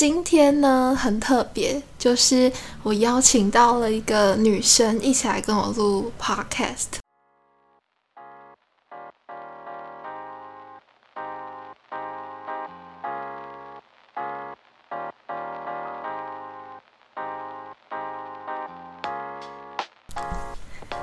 今天呢，很特別，就是我邀請到了一個女生一起來跟我錄 podcast。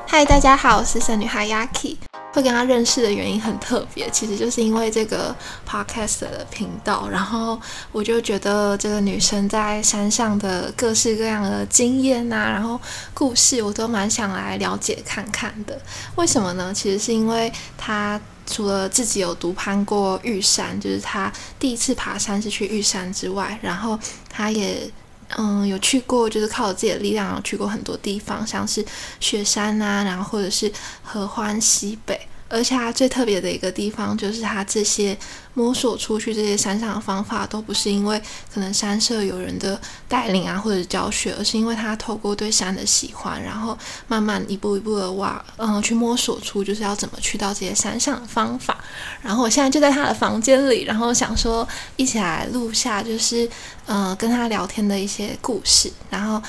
嗨，大家好，我是山女孩 Yaki。會跟她認識的原因很特別，其實就是因為這個 podcast 的頻道，然後我就覺得這個女生在山上的各式各樣的經驗吶、啊，然後故事我都蠻想來了解看看的。為什麼呢？其實是因為她除了自己有獨攀過玉山，就是她第一次爬山是去玉山之外，然後她也。嗯，有去過，就是靠我自己的力量，然後去過很多地方，像是雪山啊，然後或者是合歡西北。而且他、啊、最特別的一個地方，就是他這些摸索出去這些山上的方法，都不是因為可能山社有人的帶領啊，或者教學，而是因為他透過對山的喜歡，然後慢慢一步一步的挖，嗯，去摸索出就是要怎麼去到這些山上的方法。然後我現在就在他的房間裡，然後想說一起來錄下，就是嗯、呃，跟他聊天的一些故事。然後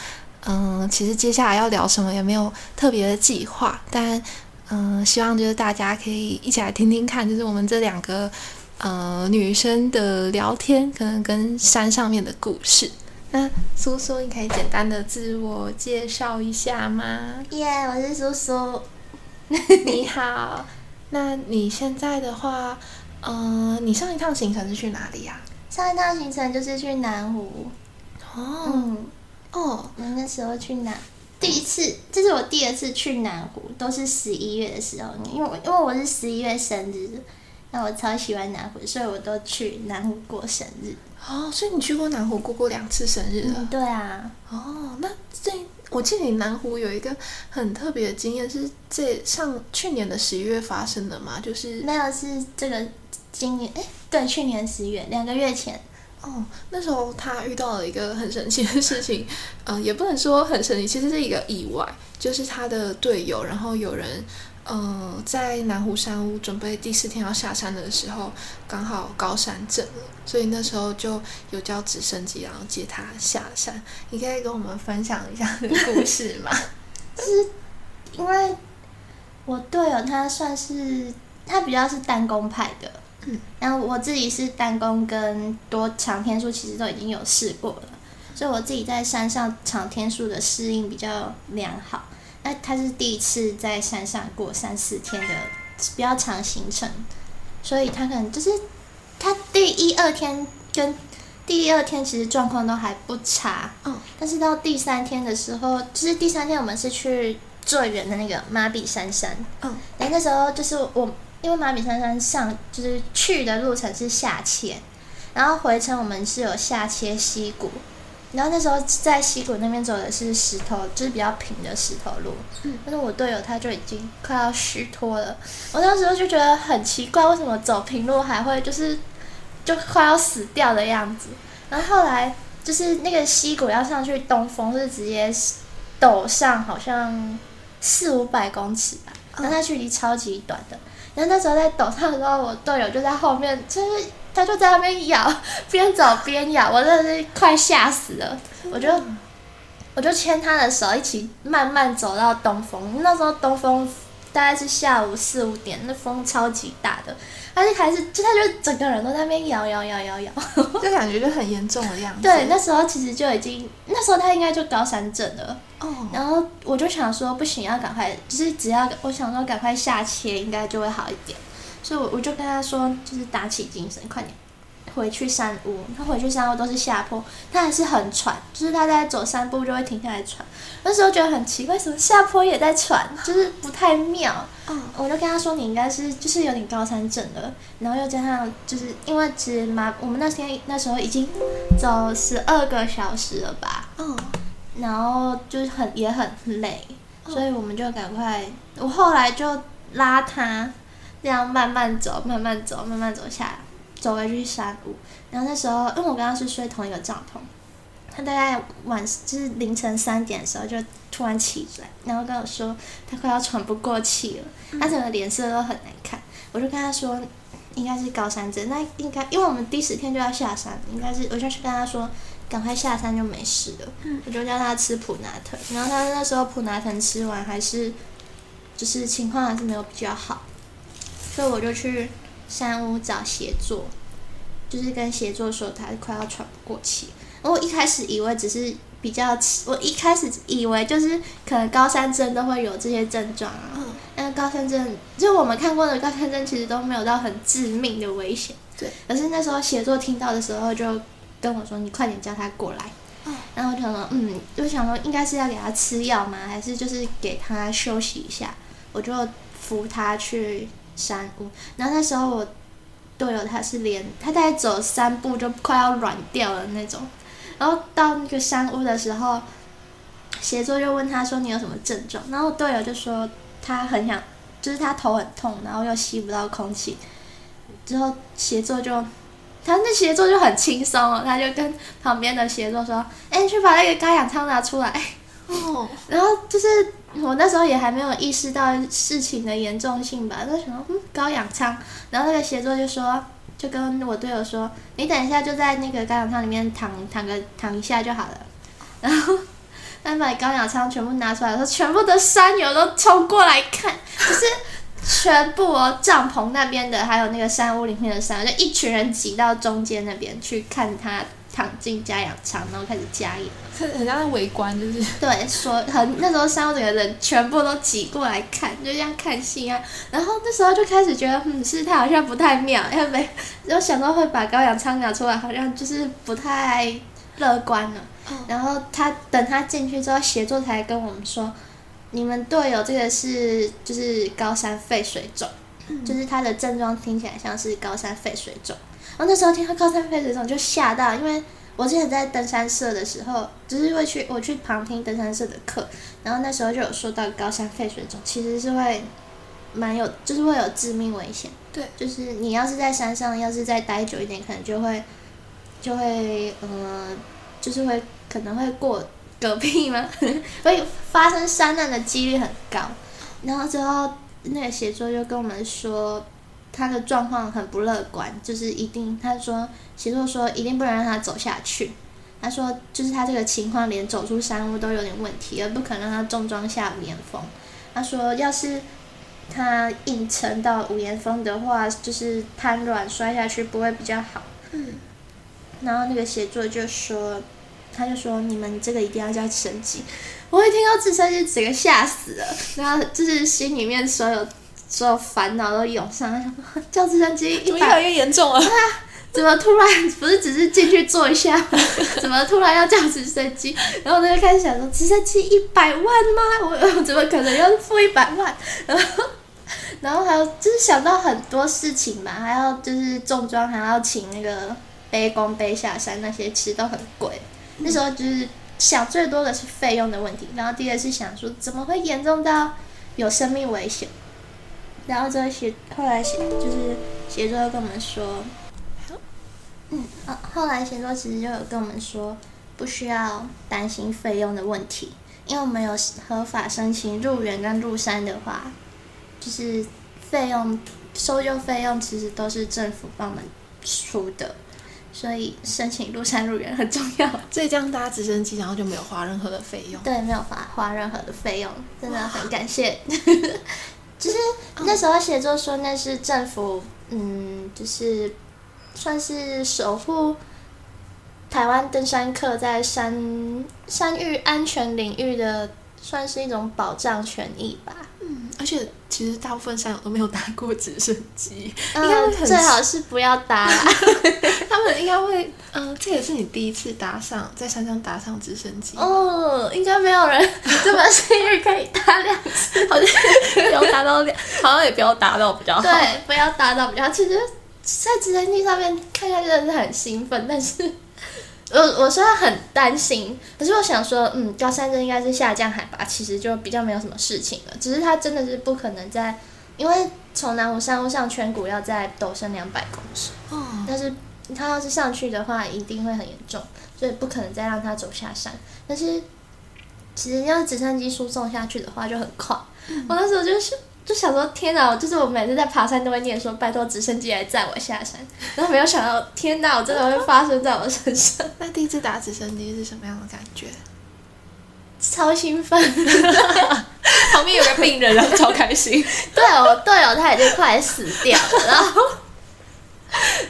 嗯，其實接下來要聊什麼也沒有特別的計劃，但。嗯、呃，希望就是大家可以一起來聽聽看，就是我們這兩個呃女生的聊天，可能跟山上面的故事。那酥酥，你可以簡單的自我介紹一下嗎？耶、yeah,，我是酥酥。 你好。 那你現在的話，呃，你上一趟行程是去哪裡呀、啊？上一趟行程就是去南湖。哦、嗯、哦，你、嗯、那時候去哪？第一次，這、就是我第二次去南湖，都是十一月的時候。因為，因為我是十一月生日，那我超喜歡南湖，所以我都去南湖過生日。哦，所以你去過南湖過過兩次生日了、嗯。對啊。哦，那所以我記得你南湖有一個很特別的經驗，是這上去年的十一月發生的嘛？就是沒有，是這個今年、欸、對，去年十一月，兩個月前。哦、oh，那時候他遇到了一個很神奇的事情，嗯、呃，也不能說很神奇，其實是一個意外。就是他的隊友，然後有人，嗯、呃，在南湖山屋準備第四天要下山的時候，剛好高山症了，所以那時候就有叫直升機然後接他下山。你可以跟我們分享一下的故事嗎？ 是因為我隊友他算是他比較是單攻派的。嗯，然後我自己是單攻跟多長天數，其實都已經有試過了，所以我自己在山上長天數的適應比較良好。那他是第一次在山上過三四天的比較長行程，所以他可能就是他第一二天跟第二天其實狀況都還不差，嗯，但是到第三天的時候，就是第三天我們是去最遠的那個馬比杉山，嗯，哎，那時候就是我。因為馬比山山上就是去的路程是下切，然後回程我們是有下切溪谷，然後那時候在溪谷那邊走的是石頭，就是比較平的石頭路。嗯。但是我隊友他就已經快要虛脫了，我那時候就覺得很奇怪，為什麼走平路還會就是就快要死掉的樣子？然後後來就是那個溪谷要上去，東峰是直接陡上，好像四五百公尺吧，那它距離超級短的。那時候在陡上的時候，我隊友就在後面，就是他就在那邊咬，邊走邊咬，我真的是快嚇死了，我就我就牽他的手一起慢慢走到東峰。那時候東峰大概是下午四五點，那風超級大的。他就開始就他就整個人都在那邊搖搖搖搖搖，就感覺就很嚴重的樣子。 對，那時候其實就已經，那時候他應該就高山症了。哦、oh.，然後我就想說，不行，要趕快，就是只要我想說趕快下切，應該就會好一點。所以，我我就跟他說，就是打起精神，快點。回去山屋，他回去山屋都是下坡，他還是很喘，就是他在走三步就會停下來喘。那時候覺得很奇怪，什麼下坡也在喘，就是不太妙。嗯，我就跟他說，你應該是就是有點高山症了，然後又加上就是因為只馬，我們那天那時候已經走十二個小時了吧？哦，然後就是很也很累，所以我們就趕快，我後來就拉他這樣慢慢走，慢慢走，慢慢走下來。走回去山屋，然後那時候，因為我剛剛是睡同一個帳篷，他大概晚就是凌晨三點的時候就突然起來，然後跟我說他快要喘不過氣了，他整個臉色都很難看。我就跟他說，應該是高山症，那應該因為我們第十天就要下山，應該是我就去跟他說，趕快下山就沒事了。我就叫他吃普拿疼，然後他那時候普拿疼吃完還是，就是情況還是沒有比較好，所以我就去。山屋找協作，就是跟協作說他快要喘不過氣。我一開始以為只是比較，我一開始以為就是可能高山症都會有這些症狀啊。嗯。那高山症，就我們看過的高山症，其實都沒有到很致命的危險。對。可是那時候協作聽到的時候，就跟我說：“你快點叫他過來。”啊，然後我就想說：“嗯。”就想說，應該是要給他吃藥嗎？還是就是給他休息一下？我就扶他去。山屋，然後那時候我隊友他是連他大概走三步就快要軟掉了那種，然後到那個山屋的時候，協作就問他說：“你有什麼症狀？”然後隊友就說：“他很想，就是他頭很痛，然後又吸不到空氣。”之後協作就，他那協作就很輕鬆了，他就跟旁邊的協作說：“哎，去把那個高氧艙拿出來。”哦，然後就是。我那時候也還沒有意識到事情的嚴重性吧，那什麼高氧艙，然後那個協作就說，就跟我隊友說，你等一下就在那個高氧艙裡面躺躺個躺一下就好了。然後他把高氧艙全部拿出來了，說全部的山友都衝過來看，就是全部哦，帳篷那邊的，還有那個山屋裡面的山友，就一群人擠到中間那邊去看他躺進加氧艙，然後開始加氧。很像是圍觀，就是對，說很那時候三五幾個人全部都擠過來看，就這樣看戲啊。然後那時候就開始覺得，嗯，是他好像不太妙，因為沒有想到會把高氧艙拿出來，好像就是不太樂觀了。然後他等他進去之後，協作才跟我們說，你們隊友這個是就是高山肺水腫、嗯，就是他的症狀聽起來像是高山肺水腫。然後那時候聽到高山肺水腫就嚇到，因為我之前在登山社的時候，就是會去我去旁聽登山社的課，然後那時候就有說到高山肺水腫，其實是會蠻有，就是會有致命危險。對，就是你要是在山上要是再待久一點，可能就會就會呃，就是會可能會過嗝屁嘛？所 以發生山難的幾率很高。然後之後那個協作就跟我們說。他的狀況很不樂觀，就是一定，他說，協作說一定不能讓他走下去。他說，就是他這個情況連走出山屋都有點問題，而不可能讓他重裝下五岩峰。他說，要是他硬撐到五岩峰的話，就是癱軟摔下去不會比較好。嗯。 然後那個協作就說，他就說，你們這個一定要叫直升機。我一聽到直升就整個嚇死了，然後就是心裡面所有。所有煩惱都湧上來，想說叫直升機，怎麼越嚴重啊？啊，怎麼突然不是只是進去坐一下， 怎麼突然要叫直升機？然後我就開始想說，直升機一百萬嗎？我，我怎麼可能要付一百萬？然後然後還有就是想到很多事情嘛，還要就是重裝，還要請那個背工背下山那些，其實都很貴。那時候就是想最多的是費用的問題，然後第二個是想說怎麼會嚴重到有生命危險？然後這些後來協就是協作又跟我們說，嗯、啊，後來協作其實就有跟我們說，不需要擔心費用的問題，因為我們有合法申請入園跟入山的話，就是費用搜救費用其實都是政府幫我們出的，所以申請入山入園很重要。所以這樣搭直升機，然後就沒有花任何的費用。對，沒有法花任何的費用，真的很感謝。 就是那時候寫作說，那是政府，嗯，就是算是守護台灣登山客在山山域安全領域的。算是一種保障權益吧。嗯，而且其實大部分山友都沒有搭過直升機、嗯，應該最好是不要搭啦、啊。 他們應該會，嗯，這個、也是你第一次搭上，在山上搭上直升機。哦，應該沒有人這麼幸運可以搭兩次，好像不要搭到兩， 好像也不要搭到比較好。對，不要搭到比較好。其實，在直升機上面看看真的是很興奮，但是。我我雖然很擔心，可是我想說，嗯，高山症應該是下降海拔，其實就比較沒有什麼事情了。只是他真的是不可能再，因為從南湖山路上圈谷要再陡升兩百公尺，哦，但是他要是上去的話，一定會很嚴重，所以不可能再讓他走下山。但是其實要直升機輸送下去的話就很快，嗯，我那時候就是。就想說天哪！就是我每次在爬山都會念說：“拜託直升機來載我下山。”然後沒有想到，天哪！我真的會發生在我身上。那第一次打直升機是什麼樣的感覺？超興奮！ 旁邊有個病人， 然後超開心。對哦，對哦，他已經快死掉了，然後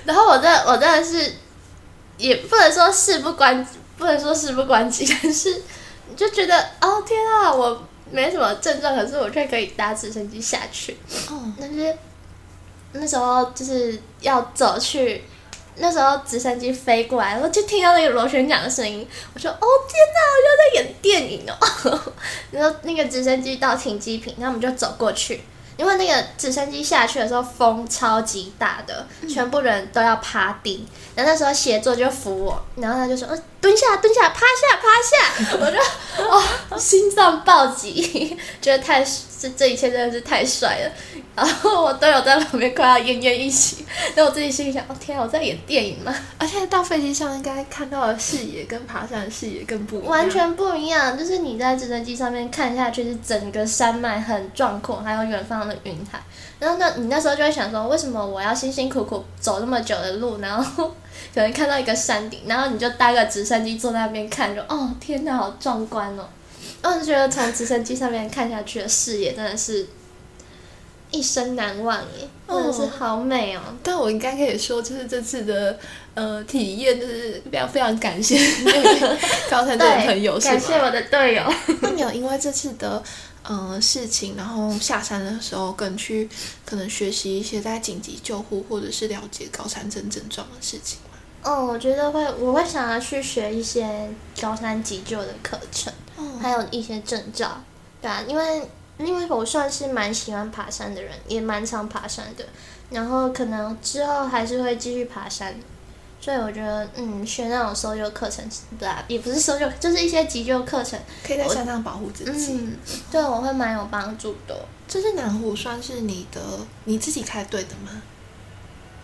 然後我真的，我真的是，是也不能說事不關，不能說事不關己，但是你就覺得哦，天哪！我。沒什麼症狀，可是我卻可以搭直升機下去。Oh. 但是那時候就是要走去，那時候直升機飛過來，然後就聽到那個螺旋槳的聲音。我說：“哦天哪，我就在演電影哦、喔。 ”然後那個直升機到停機坪，然後我們就走過去。因為那個直升機下去的時候，風超級大的，嗯、全部人都要趴地。然後那時候，協作就扶我，然後他就說：“呃、嗯，蹲下，蹲下，趴下，趴下。 ”我就哦， 心臟暴擊，覺得太。這這一切真的是太帥了，然後我都有在旁邊快要奄奄一息，然後我自己心裡想，哦天啊，我在演電影嘛。而且到飛機上應該看到的視野跟爬山的視野更不一樣，完全不一樣，就是你在直升機上面看下去，是整個山脈很壯闊，還有遠方的雲海。然後那你那時候就會想說，為什麼我要辛辛苦苦走那麼久的路，然後可能看到一個山頂，然後你就搭個直升機坐在那邊看，就哦天吶，好壯觀哦。嗯，覺得從直升機上面看下去的視野，真的是，一生難忘耶，哦！真的是好美哦。但我應該可以說，就是這次的呃體驗，就是非常非常感謝，因為高山症的 高山症的朋友，感謝我的隊友。那你有因為這次的呃事情，然後下山的時候，跟去可能學習一些在緊急救護，或者是了解高山症症狀的事情嗎？嗯，哦，我覺得會，我會想要去學一些高山急救的課程。還有一些證照，對啊，因為因為我算是蠻喜歡爬山的人，也蠻常爬山的，然後可能之後還是會繼續爬山，所以我覺得，嗯，學那種搜救課程，對啊，也不是搜救，就是一些急救課程，可以在山上保護自己。我，嗯，對，我會蠻有幫助的。這是南湖算是你的你自己開隊的嗎？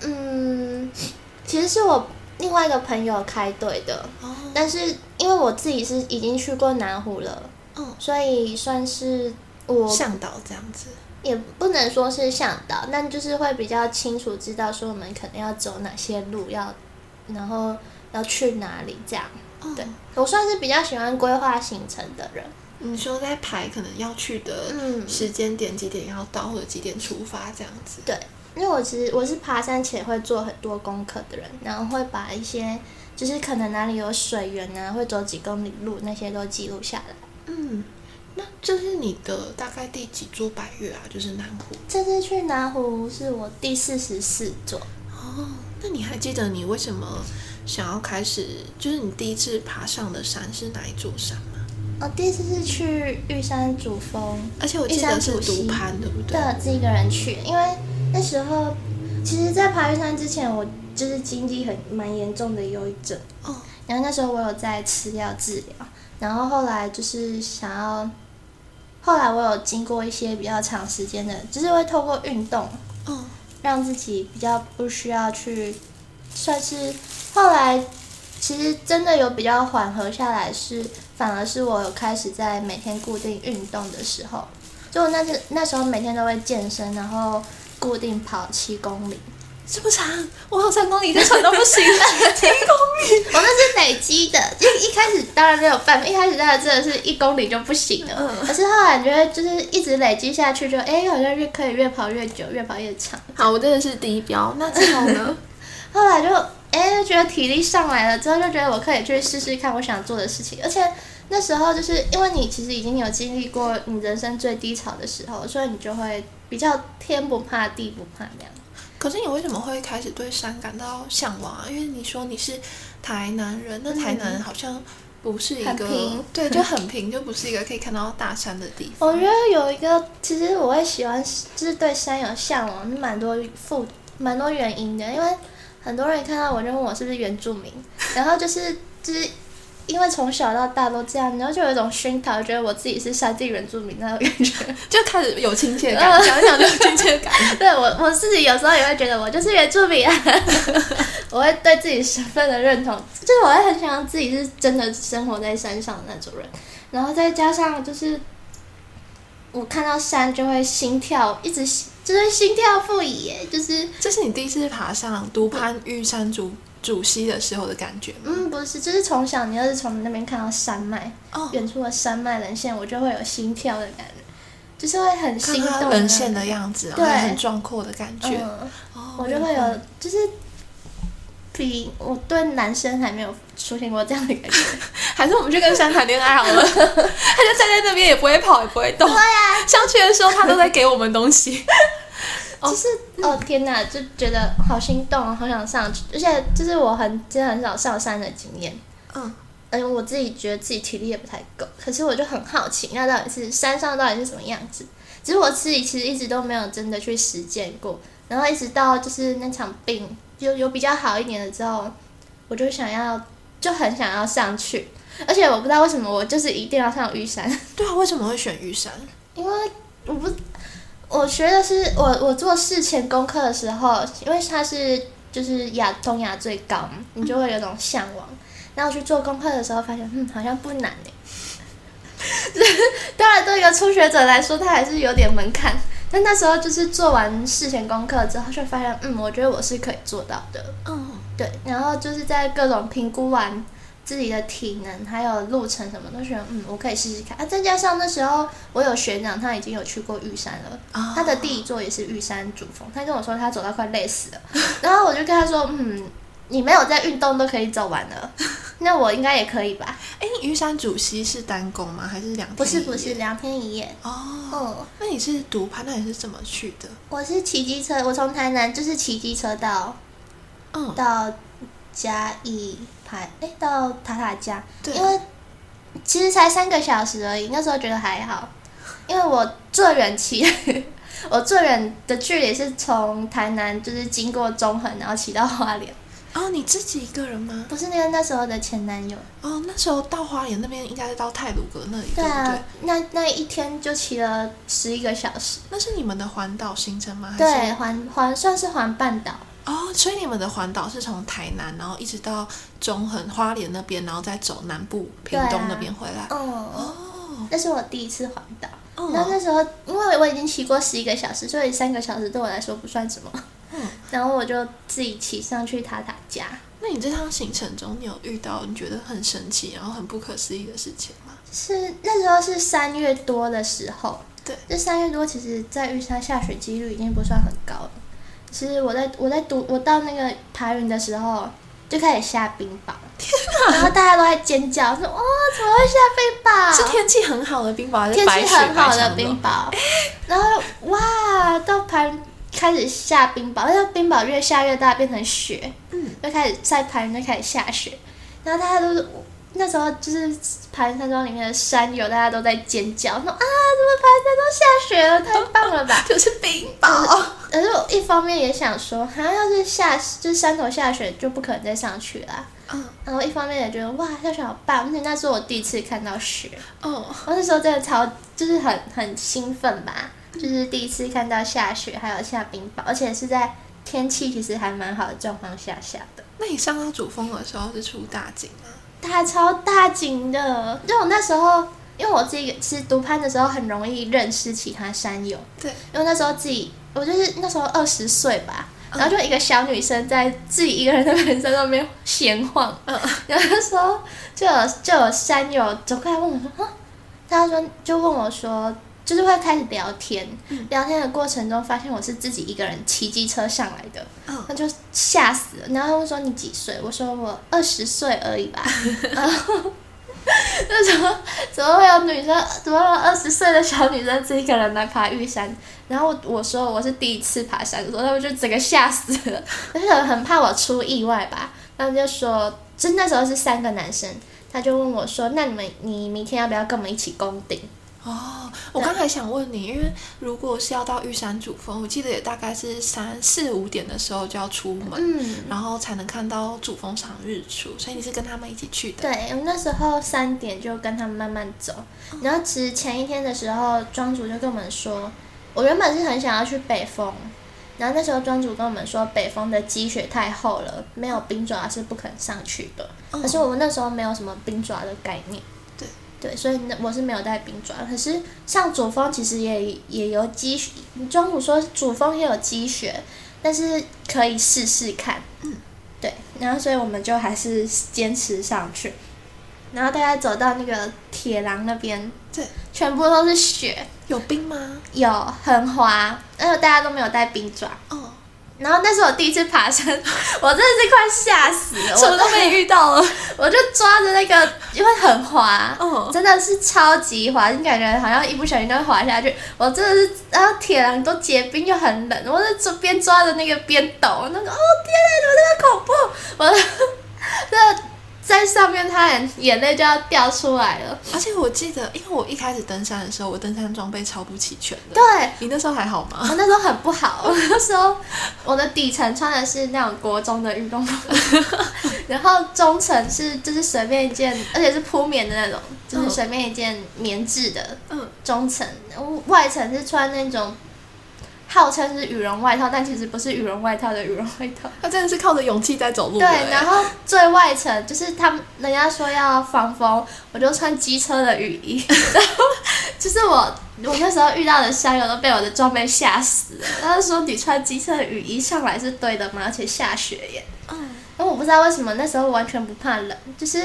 嗯，其實是我。另外一個朋友開隊的，哦，但是因為我自己是已經去過南湖了，嗯，所以算是我向導這樣子，也不能說是向導，但就是會比較清楚知道說我們可能要走哪些路要，要然後要去哪裡這樣。嗯，對我算是比較喜歡規劃行程的人，你、嗯、說在排可能要去的時間點幾點要到，嗯，或者幾點出發這樣子，對。因為我其實我是爬山前會做很多功課的人，然後會把一些就是可能哪裡有水源啊，會走幾公里路那些都記錄下來。嗯，那這是你的大概第幾座百嶽啊？就是南湖。這次去南湖是我第四十四座。哦，那你還記得你為什麼想要開始？就是你第一次爬上的山是哪一座山嗎、啊？哦，第一次是去玉山主峰，而且我記得是獨攀，對不對？對，自、嗯、己一個人去，因為。那時候，其實，在爬玉山之前，我就是經歷很蠻嚴重的憂鬱症哦。Oh. 然後那時候我有在吃藥治療，然後後來就是想要，後來我有經過一些比較長時間的，就是會透過運動哦，oh. 讓自己比較不需要去，算是後來其實真的有比較緩和下來是，是反而是我有開始在每天固定運動的時候，就我那時那時候每天都會健身，然後。固定跑七公里，這麼長，我跑三公里這長都不行了。七 公里，我那是累積的，一一開始當然沒有辦法，一開始當然真的是一公里就不行了。可、嗯、是後來覺得就，就是一直累積下去就，誒我就哎，好像越可以越跑越久，越跑越長。好，我真的是第一標。那之後呢？ 後來就哎覺得體力上來了之後，就覺得我可以去試試看我想做的事情，而且。那時候就是因為你其實已經有經歷過你人生最低潮的時候，所以你就會比較天不怕地不怕那樣。可是你為什麼會開始對山感到向往啊？因為你說你是台南人，那台南好像不是一個，很平，對，就很平， 就不是一個可以看到大山的地方。我覺得有一個，其實我會喜歡，就是對山有向往，蠻多負蠻多原因的。因為很多人看到我就問我是不是原住民，然後就是就是。 因為從小到大都這樣，然後就有一種熏陶覺得我自己是山地原住民那種感覺， 就開始有親切感，我想想就有親切感。 對，我我自己有時候也會覺得我就是原住民。啊， 我會對自己身份的認同，就是我會很想要自己是真的生活在山上的那種人，然後再加上就是我看到山就會心跳，一直就是心跳不已。欸，就是這是你第一次爬上獨攀玉山主峰，嗯主席的時候的感覺，嗯，不是，就是從小你要、就是從那邊看到山脈，哦，遠處的山脈稜線，我就會有心跳的感覺，就是會很心動，稜線的樣子、啊，對，很壯闊的感覺、嗯哦，我就會有，就是比、嗯、我對男生還沒有出現過這樣的感覺， 還是我們去跟山談戀愛好了， 他就站在那邊也不會跑也不會動，對呀、啊，上去的時候他都在給我們東西。 哦、就是、嗯、哦天哪，就覺得好心動啊，好想上去。而且就是我很真的很少上山的經驗，嗯，哎，我自己覺得自己體力也不太夠，可是我就很好奇，那到底是山上到底是什麼樣子？其實我自己其實一直都沒有真的去實踐過，然後一直到就是那場病有有比較好一點了之後，我就想要就很想要上去，而且我不知道為什麼我就是一定要上玉山，對啊，為什麼會選玉山？因為我不。我學的是我我做事前功課的時候，因為它是就是亞東亞最高嘛，你就會有一種嚮往。然後去做功課的時候，發現嗯好像不難誒、欸。 當然，對一個初學者來說，它還是有點門檻。但那時候就是做完事前功課之後，就發現嗯，我覺得我是可以做到的。嗯、oh.，對。然後就是在各種評估完。自己的體能還有路程什麼都行，嗯，我可以試試看啊！再加上那時候我有學長，他已經有去過玉山了，oh. 他的第一座也是玉山主峰。他跟我說他走到快累死了， 然後我就跟他說，嗯，你沒有在運動都可以走完了， 那我應該也可以吧？哎、欸，玉山主西是單攻嗎？還是兩天？不是不是兩天一夜哦。Oh. Oh. 那你是獨攀，那你是怎麼去的？我是騎機車，我從台南就是騎機車到，嗯、oh.，到嘉義。哎，到塔塔加對、啊，因為其實才三個小時而已。那時候覺得還好，因為我最遠騎，我最遠的距離是從台南，就是經過中橫，然後騎到花蓮。哦，你自己一個人嗎？不是，那個那時候的前男友。哦，那時候到花蓮那邊應該是到太魯閣那裡，對、啊，對不對？那那一天就騎了十一個小時。那是你們的環島行程嗎？對，環環算是環半島。哦、oh,，所以你們的環島是從台南，然後一直到中橫、花蓮那邊，然後再走南部、屏東那邊回來。哦、啊，oh, oh. 那是我第一次環島。然、oh. 後那時候，因為我已經騎過十一個小時，所以三個小時對我來說不算什麼。嗯，然後我就自己騎上去塔塔加。那你這趟行程中，你有遇到你覺得很神奇，然後很不可思議的事情嗎？就是那時候是三月多的時候。對，這三月多其實，在玉山下雪幾率已經不算很高了。其實我在，我在讀，我到那個排雲的時候就開始下冰雹，天哪，然後大家都在尖叫，說：“哇、哦，怎麼會下冰雹？”是天氣很好的冰雹，還是白白天氣很好的冰雹？然後哇，到排雲開始下冰雹，那個冰雹越下越大，變成雪，嗯，就開始在排雲就開始下雪，然後大家都是。那時候就是盤山山莊裡面的山友，大家都在尖叫說啊，怎麼盤山都下雪了？太棒了吧！哦、就是冰雹。可是我一方面也想說，哈、啊，要是下就是山頭下雪，就不可能再上去了，啊。嗯。然後一方面也覺得哇，下雪好棒，而且那是我第一次看到雪。哦。我那時候真的超，就是很很興奮吧，就是第一次看到下雪，還有下冰雹，而且是在天氣其實還蠻好的狀況下下的。那你上到主峰的時候是出大景嗎？超大景的，因為我那時候，因為我自己其實獨攀的時候，很容易認識其他山友。對，因為那時候自己，我就是那時候二十歲吧、嗯，然後就一個小女生在自己一個人在山上面閒晃、嗯，然後那時候，就有就有山友走過來問我說：“啊，他說就問我說。”就是會開始聊天，嗯，聊天的過程中發現我是自己一個人騎機車上來的，哦，他就嚇死了。然後他們說你幾歲？我說我二十歲而已吧。然 後，uh, 就說怎麼會有女生，怎麼會有二十歲的小女生自己一個人來爬玉山？然後我說我是第一次爬山，說他們就整個嚇死了，就是很怕我出意外吧。他們就說，就那時候，是三個男生，他就問我說，那你們你明天要不要跟我們一起攻頂？哦，我剛才想問你，因為如果是要到玉山主峰，我記得也大概是三四五點的時候就要出門，嗯、然後才能看到主峰上日出，所以你是跟他們一起去的？對，我們那時候三點就跟他們慢慢走，哦、然後其實前一天的時候，莊主就跟我們說，我原本是很想要去北峰，然後那時候莊主跟我們說，北峰的積雪太厚了，沒有冰爪是不肯上去的，哦、可是我們那時候沒有什麼冰爪的概念。對，所以我是沒有帶冰爪，可是像主峰其實也也有積雪，你中午說主峰也有積雪，但是可以試試看，嗯，對，然後所以我們就還是堅持上去，然後大家走到那個鐵廊那邊，對，全部都是雪，有冰嗎？有，很滑，但是大家都沒有帶冰爪，哦。然後那是我第一次爬山，我真的是快嚇死了我，什麼都沒遇到了。我就抓着那個，因為很滑，哦、真的是超級滑，就感覺好像一不小心就滑下去。我真的是，然後鐵欄都結冰，又很冷，我在這邊抓着那個邊抖，那個哦天吶，怎麼那麼恐怖？我的這。在上面，他很眼淚就要掉出來了。而且我記得，因為我一開始登山的時候，我登山裝備超不齊全的。對。你那時候還好嗎？我那時候很不好，我那時候，我的底層穿的是那種國中的運動服， 然後中層是就是隨便一件，而且是鋪棉的那種，就是隨便一件棉質的。嗯，中層外層是穿那種。號稱是羽絨外套，但其實不是羽絨外套的羽絨外套。它真的是靠着勇氣在走路。對，然後最外層就是他們人家說要防風，我就穿機車的雨衣。 然後就是我我那時候遇到的山友都被我的裝備嚇死了。他說：“你穿機車的雨衣上來是對的嗎？而且下雪耶。”嗯。那我不知道為什麼那時候完全不怕冷，就是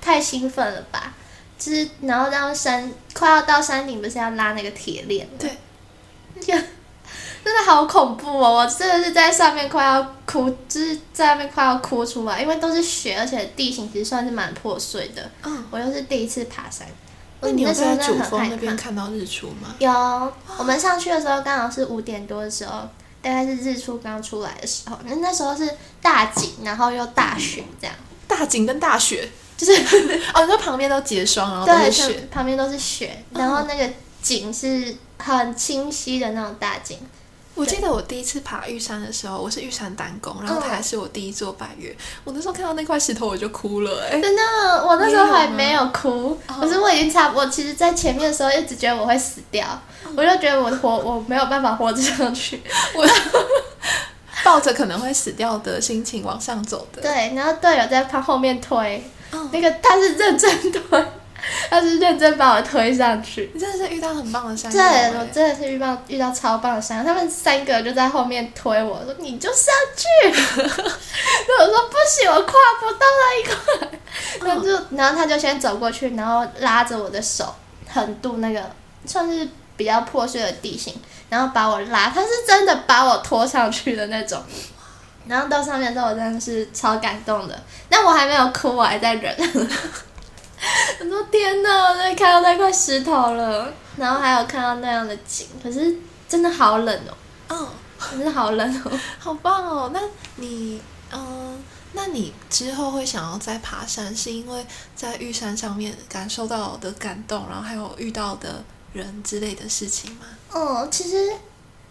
太興奮了吧？就是然後到山快要到山頂，不是要拉那個鐵鏈？對。就。 真的好恐怖哦！我真的是在上面快要哭，就是在上面快要哭出來，因為都是雪，而且地形其實算是蠻破碎的。嗯，我又是第一次爬山。那你那時候在主峰那邊看到日出嗎？有，我們上去的時候剛好是五點多的時候，大概是日出剛出來的時候。那那時候是大景，然後又大雪這樣。大景跟大雪就是 哦，你說旁邊都結霜，然後都是雪。對，旁邊都是雪，然後那個景是很清晰的那種大景。我記得我第一次爬玉山的時候，我是玉山單攻，然後它還是我第一座百岳。Oh. 我那時候看到那塊石頭，我就哭了。哎，真的，我那時候還沒有哭，可、oh. 是我已經差不多，我其實在前面的時候一直覺得我會死掉，oh. 我就覺得我活，我沒有辦法活着上去，我就抱着可能會死掉的 心情往上走的。對，然後隊友在他後面推，oh. 那個他是認真推。他是認真把我推上去，你真的是遇到很棒的山、欸，對，我真的是遇到遇到超棒的山，他們三個就在後面推我說，你就上去，然 後我說不行，我跨不到那一塊。他、嗯、就然後他就先走過去，然後拉着我的手橫渡那個算是比較破碎的地形，然後把我拉，他是真的把我拖上去的那種，然後到上面之後我真的是超感動的，那我還沒有哭，我還在忍。 我說天哪，我再看到那塊石頭了，然後還有看到那樣的景，可是真的好冷哦。嗯，可是好冷哦，好棒哦。那你，嗯、呃，那你之後會想要再爬山，是因為在玉山上面感受到我的感動，然後還有遇到的人之類的事情嗎？嗯、oh,，其實，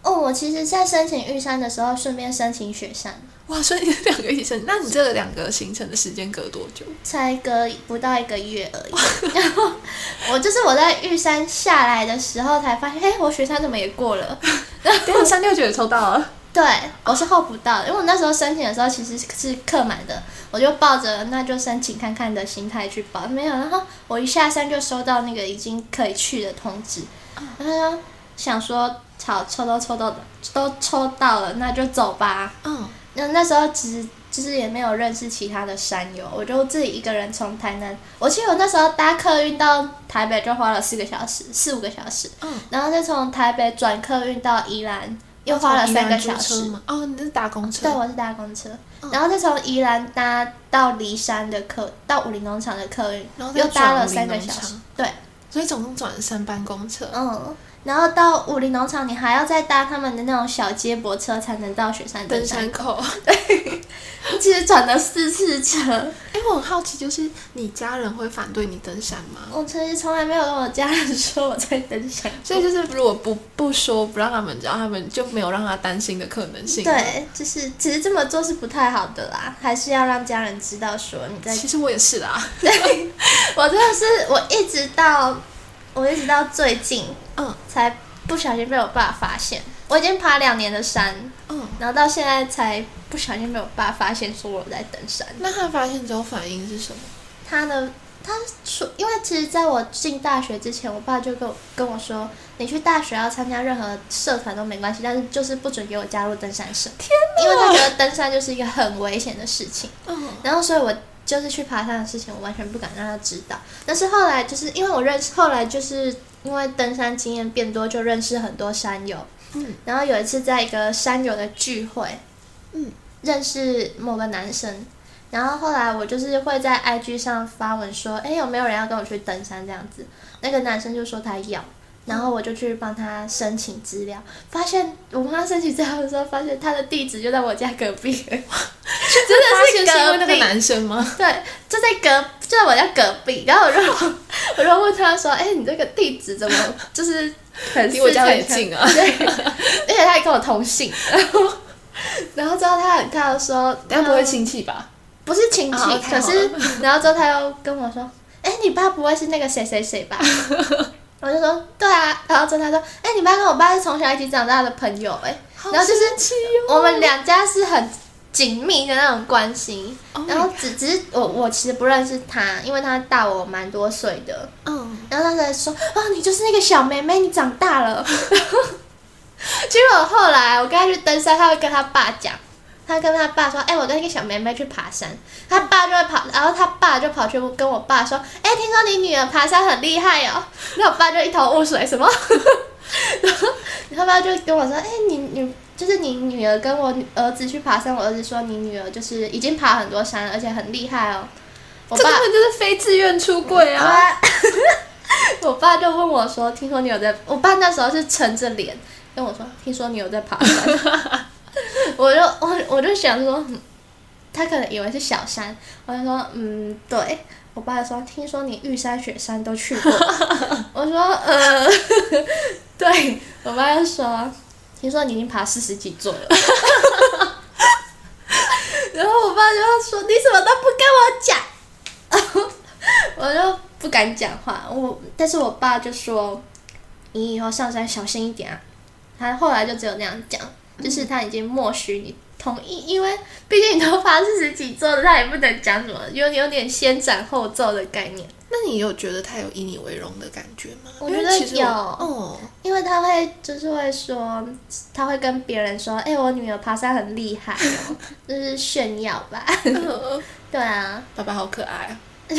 哦、oh,，我其實，在申請玉山的時候，順便申請雪山。哇，所以你兩個一起申請。那你這個兩個行程的時間隔多久？才隔不到一個月而已。然 後 我就是我在玉山下來的時候才發現，哎，我雪山怎麼也過了？ 對 然後，我三六九也抽到了。對，我是候補到，因為我那時候申請的時候其實是客滿的，我就抱着那就申請看看的心態去報，沒有。然後我一下山就收到那個已經可以去的通知，嗯、然後想說，好，抽到抽到的都抽到了，那就走吧。嗯。那那時候只，其實就是也沒有認識其他的山友，我就自己一個人從台南。我記得我那時候搭客運到台北，就花了四個小時，四五個小時。嗯。然後再從台北轉客運到宜蘭，又花了三個小時。哦，oh, 你是搭公車？對，我是搭公車。嗯。然後再從宜蘭搭到梨山的客，到武陵農場的客運，又搭了三個小時。對。所以總共轉了三班公車。嗯。然後到武陵農場，你還要再搭他們的那種小接駁車才能到雪山登、登山口。對， 其實轉了四次車。哎、欸，我很好奇，就是你家人會反對你登山嗎？我其實從來沒有跟我家人說我在登山，所以就是如果不不說，不讓他們知道，他們就沒有讓他擔心的可能性。對，就是其實這麼做是不太好的啦，還是要讓家人知道說你在登山。其實我也是啦，對 我真、就、的是我一直到。我一直到最近，嗯，才不小心被我爸發現。嗯，我已經爬兩年的山，嗯，然後到現在才不小心被我爸發現，說我在登山。那他發現之後反應是什麼？他的他說，因為其實在我進大學之前，我爸就跟我跟我說，你去大學要參加任何社團都沒關係，但是就是不准給我加入登山社。天哪！因為他覺得登山就是一個很危險的事情。嗯，然後所以，我。就是去爬山的事情，我完全不敢讓他知道。但是後來，就是因為我認識，後來就是因為登山經驗變多，就認識很多山友。嗯，然後有一次在一個山友的聚會，嗯，認識某個男生。然後後來我就是會在 IG 上發文說，欸，有沒有人要跟我去登山這樣子？那個男生就說他要。然後我就去幫他申請資料，發現我幫他申請資料的時候，發現他的地址就在我家隔壁，隔壁，真的是隔壁？因為那個男生嗎？對，就在隔就在我家隔壁。然後我 我問他說：“哎、欸，你這個地址怎麼就是很離我家很近啊？”對， 而且他也跟我同姓。 然後然後之後他他就說：“應、嗯、不會親戚吧？”不是親戚，哦、okay, 可是 然後之後他又跟我說：“哎、欸，你爸不會是那個誰誰誰，誰吧？” 我就說對啊，然後在他說，哎、欸，你爸跟我爸是從小一起長大的朋友、欸，哎、哦，然後就是我們兩家是很緊密的那種關係，oh、然後只只是我我其實不認識他，因為他大我蠻多歲的，嗯、oh.，然後他才說，啊、哦，你就是那個小妹妹，你長大了。結 果後來我跟他去登山，他會跟他爸講。他跟他爸說：“哎、欸，我跟那個小妹妹去爬山。”他爸就會跑，然後他爸就跑去跟我爸說：“哎、欸，聽說你女兒爬山很厲害哦。”那我爸就一頭霧水，什麼？ 然後他爸就跟我說：“哎、欸，你女就是你女兒跟我兒子去爬山。我兒子說你女兒就是已經爬很多山了，而且很厲害哦。我爸”這部分就是非自願出櫃啊！我爸， 我爸就問我說：“聽說你有在？”我爸那時候是沉着臉跟我說：“聽說你有在爬山。 ”我就我我就想說、嗯，他可能以為是小山，我就說嗯，對我爸就說，聽說你玉山雪山都去過，我說嗯、呃，對我爸就說，聽說你已經爬四十幾座了， 然後我爸就說，你怎麼都不跟我講， 我就不敢講話，我但是我爸就說，你以後上山小心一點啊，他後來就只有那樣講。就是他已經默許你同意，因為畢竟你都爬四十幾座了，他也不能講什麼，因為你有點先斬後奏的概念。那你有覺得他有以你為榮的感覺嗎？我覺得有，哦，因為他會就是會說，他會跟別人說：“哎、欸，我女兒爬山很厲害、哦。 ”就是炫耀吧？ 對啊，爸爸好可愛。啊。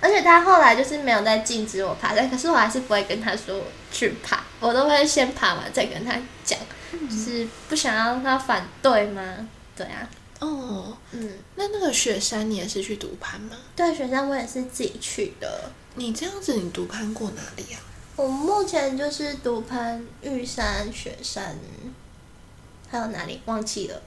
而且他後來就是沒有再禁止我爬山，可是我還是不會跟他說去爬，我都會先爬完再跟他講。 是不想要他反對嗎？對啊，哦、oh,，嗯，那那個雪山你也是去獨攀嗎？對，雪山我也是自己去的。你這樣子，你獨攀過哪裡啊？我目前就是獨攀玉山、雪山，還有哪裡忘記了？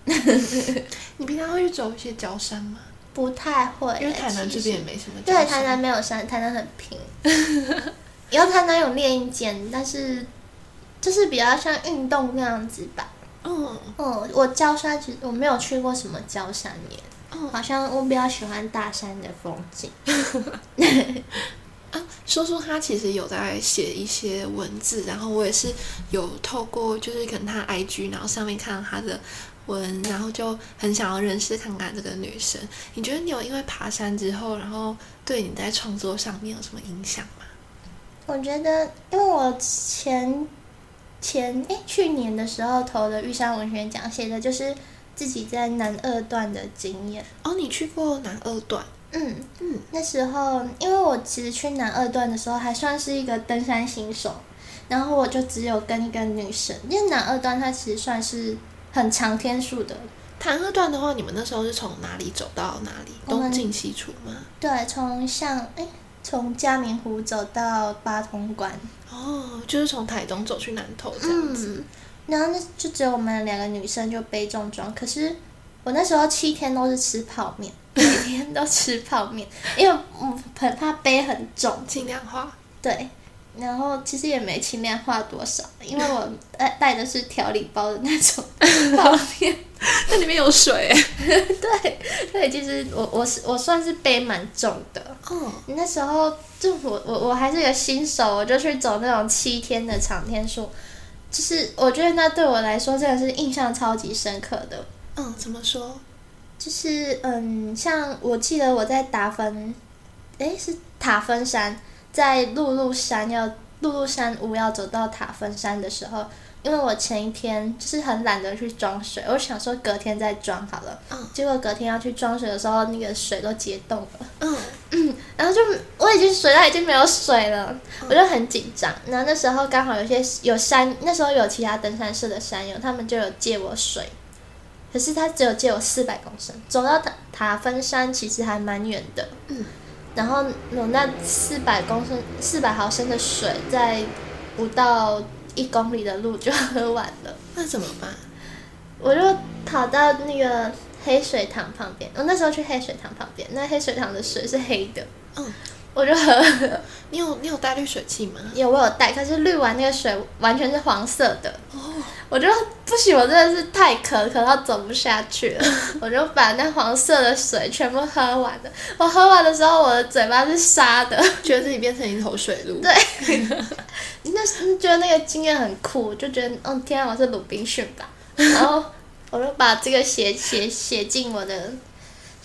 你平常會去走一些角山嗎？不太會、欸，因為台南這邊也沒什麼山。對，台南沒有山，台南很平。然 後台南有練嶼尖，但是。就是比較像運動那樣子吧。嗯嗯，我郊山其實我沒有去過什麼郊山耶。嗯，好像我比較喜歡大山的風景。 啊，酥酥他其實有在寫一些文字，然後我也是有透過就是可能他 IG，然後上面看到他的文，然後就很想要認識看看這個女生。你覺得你有因為爬山之後，然後對你在創作上面有什麼影響嗎？我覺得，因為我前。前、欸、去年的時候投的玉山文學獎，寫的就是自己在南二段的經驗。哦，你去過南二段？嗯嗯，那時候因為我其實去南二段的時候還算是一個登山新手，然後我就只有跟一個女生，因為南二段它其實算是很長天數的。南二段的話，你們那時候是從哪裡走到哪裡？東進西出嗎？對，從像，哎、欸。從嘉明湖走到八通關，哦，就是從台東走去南投這樣子，嗯、然後那就，就只有我們兩個女生就背重裝，可是我那時候七天都是吃泡麵， 每天都吃泡麵，因為我很怕背很重，輕量化對。然後其實也沒輕量化多少，因為我帶帶的是調理包的那種泡麵，那裡面有水。對，對，其實我我是我算是背蠻重的。哦、嗯，那時候就我我我還是個新手，我就去走那種七天的長天數，就是我覺得那對我來說真的是印象超級深刻的。嗯，怎麼說？就是嗯，像我記得我在達芬，誒、欸，是塔芬山。在轆轆山要轆轆山屋要走到塔芬山的時候，因為我前一天就是很懶得去裝水，我想說隔天再裝好了。Oh. 結果隔天要去裝水的時候，那個水都結凍了。Oh. 嗯，然後就我已經水袋已經沒有水了，我就很緊張。Oh. 然後那時候剛好有些有山，那時候有其他登山社的山友，他們就有借我水，可是他只有借我四百公升。走到塔芬山其實還蠻遠的。Oh. 然後有，那四百公升，四百毫升的水，在不到一公里的路就喝完了。那怎麼辦？我就跑到那個黑水塘旁邊。我那時候去黑水塘旁邊，那黑水塘的水是黑的。哦我就喝，你有你有帶濾水器嗎？有，我有帶，可是濾完那個水完全是黃色的。Oh. 我就不行，我真的是太渴，渴到走不下去了。 我就把那黃色的水全部喝完了。我喝完的時候，我的嘴巴是沙的， 覺得自己變成一頭水鹿。對， 那時候覺得那個經驗很酷，我就覺得嗯，天啊，我是魯濱遜吧？ 然後我就把這個寫寫寫進我的。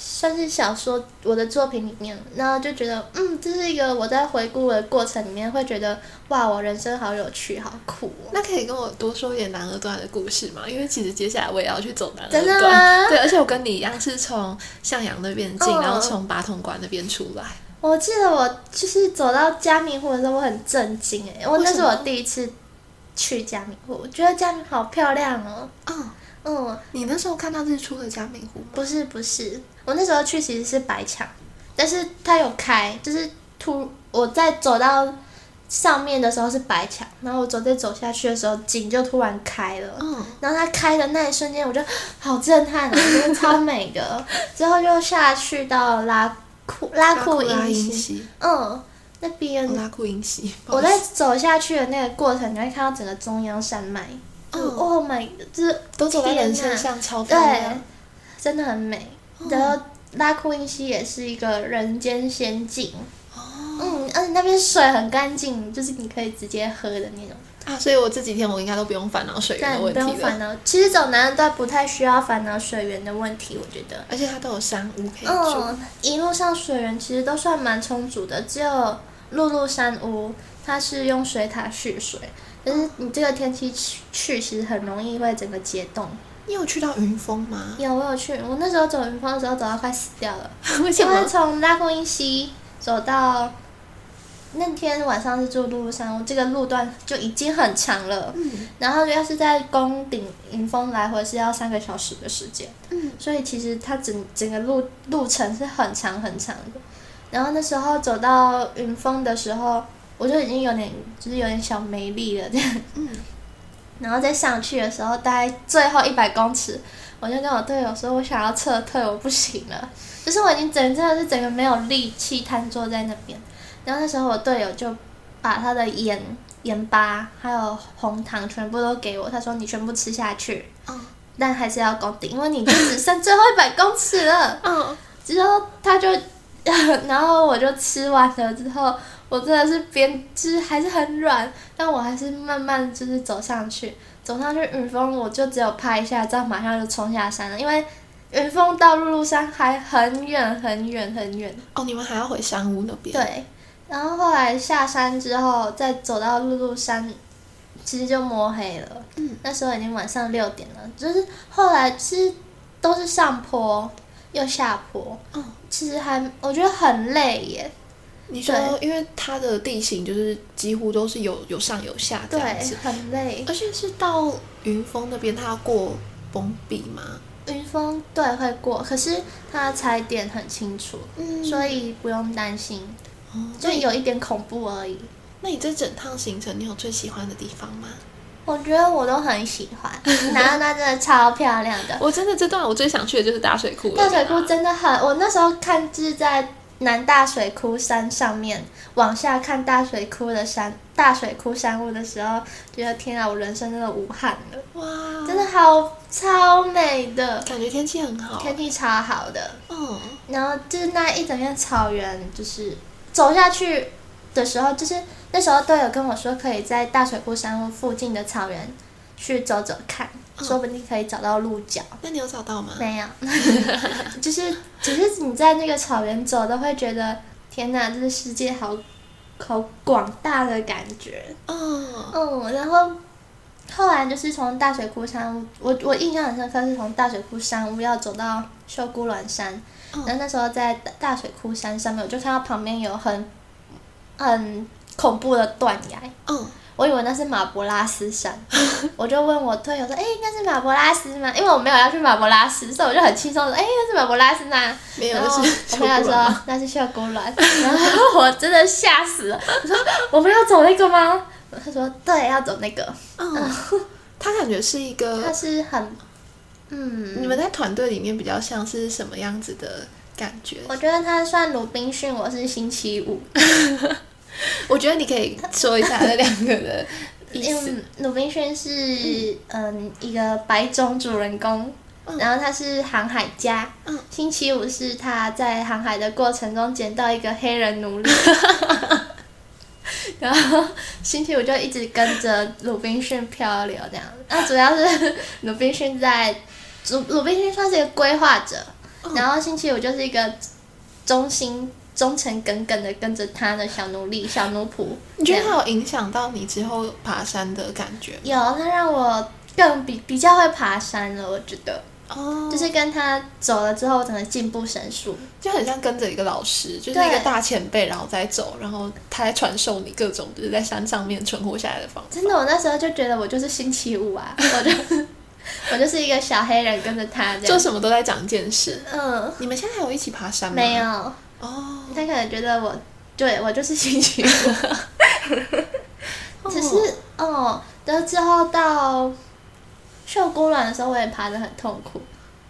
算是小說我的作品裡面，然後就覺得嗯，這是一個我在回顧的過程裡面，會覺得哇，我人生好有趣，好酷哦。那可以跟我多說一點南二段的故事嗎？因為其實接下來我也要去走南二段，對，而且我跟你一樣是從向陽那邊進，哦，然後從八通關那邊出來。我記得我就是走到嘉明湖的時候，我很震驚哎，欸，我那是我第一次去嘉明湖，我覺得嘉明好漂亮哦。哦嗯，你那時候看到日出的嘉明湖嗎？不是不是，我那時候去其實是白牆，但是它有開，就是突我在走到上面的時候是白牆，然後我走在走下去的時候井就突然開了，嗯，然後它開的那一瞬間我就好震撼，啊，就是、超美的， 之後就下去到拉庫拉庫因西、西，嗯，那邊拉庫因西，我在走下去的那個過程你會看到整個中央山脈。哦、oh、my god，就是都走在人身上超漂亮，對，真的很美。哦、然後拉庫音溪也是一個人間仙境，哦、嗯，而且那邊水很乾淨，就是你可以直接喝的那種啊。所以我這幾天我應該都不用煩惱水源的問題，煩惱其實走南，都不太需要煩惱水源的問題，我覺得。而且它都有山屋可以住，哦、一路上水源其實都算蠻充足的，只有轆轆山屋它是用水塔蓄水。但是你這個天氣去、oh. 去，其實很容易會整個結凍。你有去到雲峰嗎？有，我有去。我那時候走雲峰的時候，走到快死掉了。為 從拉庫音溪走到那天晚上是住轆轆山，我這個路段就已經很長了。嗯、然後要是在攻頂雲峰來回是要三個小時的時間、嗯。所以其實它整整個路路程是很長很長的。然後那時候走到雲峰的時候。我就已經有點，就是有點小沒力了，這樣。嗯，然後再上去的時候，大概最後一百公尺，我就跟我隊友說：“我想要撤退，我不行了。”就是我已經整真的是整個沒有力氣，癱坐在那邊。然後那時候我隊友就把他的鹽鹽巴還有紅糖全部都給我，他說：“你全部吃下去。”嗯，但還是要攻頂，因為你就只剩最後一百公尺了。嗯、oh.，之後他就呵呵，然後我就吃完了之後，我真的是邊就是還是很軟，但我還是慢慢就是走上去，走上去雲峰我就只有拍一下，這樣馬上就衝下山了，因為雲峰到轆轆山還很遠很遠很遠。哦，你們還要回山屋那邊？對。然後後來下山之後，再走到轆轆山，其實就摸黑了。嗯。那時候已經晚上六點了，就是後來其實都是上坡又下坡。哦、嗯，其實還我覺得很累耶。你說，因為它的地形就是幾乎都是有有上有下的，對很累。而且是到雲峰那邊，它要過崩壁嗎？雲峰對會過，可是它踩點很清楚，嗯、所以不用擔心，哦，就有一點恐怖而已。那你這整趟行程，你有最喜歡的地方嗎？我覺得我都很喜歡，哪 那真的超漂亮的。我真的這段我最想去的就是大水窟，大水窟真的很。我那時候看是在南大水窟山上面往下看大水窟的山大水窟山屋的時候，覺得天啊，我人生真的無憾了！哇、wow，真的好超美的，感覺天氣很好，天氣超好的。嗯，然後就是那一整片草原，就是走下去的時候，就是那時候隊友跟我說，可以在大水窟山屋附近的草原。去走走看。嗯，說不定可以找到鹿角。那你有找到嗎？沒有， 就是只是你在那個草原走，都會覺得天哪，這個世界好，好廣大的感覺。嗯嗯，然後後來就是從大水窟山，我我印象很深刻，是從大水窟山屋要走到秀姑巒山。嗯。然後那時候在大水窟山上面，我就看到旁邊有很，很恐怖的斷崖。嗯。我以為那是馬博拉斯山。 我就問我隊友說：“哎、欸，那是馬博拉斯嗎？因為我沒有要去馬博拉斯，所以我就很輕鬆地說：哎、欸，啊啊，那是馬博拉斯嗎？沒有，我朋友說那是秀姑巒，然後我真的嚇死了。我說我們要走那個嗎？他說對，要走那個。嗯、 他感覺是一個，他是很，嗯，你們在團隊裡面比較像是什麼樣子的感覺？ 我覺得他算魯濱遜，我是星期五。 我覺得你可以說一下這兩個的意思。因為魯濱遜是嗯、呃、一個白種主人公，嗯、然後他是航海家、嗯。星期五是他在航海的過程中撿到一個黑人奴隸， 然後星期五就一直跟着魯濱遜漂流這樣。嗯、那主要是魯濱遜在魯魯濱遜算是一個規劃者、嗯，然後星期五就是一個中心。忠誠耿耿的跟着他的小奴隸、小奴僕，你覺得他有影響到你之後爬山的感覺？有，他讓我更比比較會爬山了。我覺得，哦，就是跟他走了之後，我整個進步神速，就很像跟着一個老師，就是那個大前輩，然後在走，然後他在傳授你各種就是在山上面存活下來的方法。真的，我那時候就覺得我就是星期五啊，我就 我就是一個小黑人跟着他這樣，做什麼都在長見識。嗯，你們現在還有一起爬山嗎？沒有。哦、oh，他可能覺得我對我就是新奇，其 實、oh, 哦，然後之後到秀姑巒的時候，我也爬的很痛苦。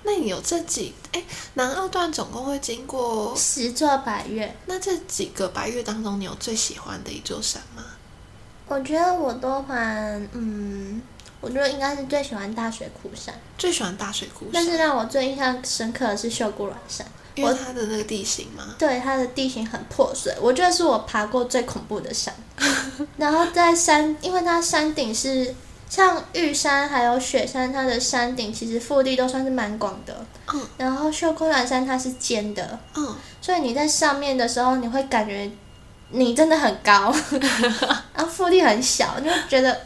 那你有這幾哎，南二段總共會經過十座百岳，那這幾個百岳當中，你有最喜歡的一座山嗎？我覺得我都還嗯，我覺得應該是最喜歡大水窟山，最喜歡大水窟，但是讓我最印象深刻的是秀姑巒山。它的那個地形嗎？對，它的地形很破碎。我覺得是我爬過最恐怖的山。 然後在山，因為它山頂是像玉山還有雪山，它的山頂其實腹地都算是蠻廣的。嗯。然後秀姑巒山它是尖的。嗯。所以你在上面的時候，你會感覺你真的很高， 然後腹地很小，你就覺得。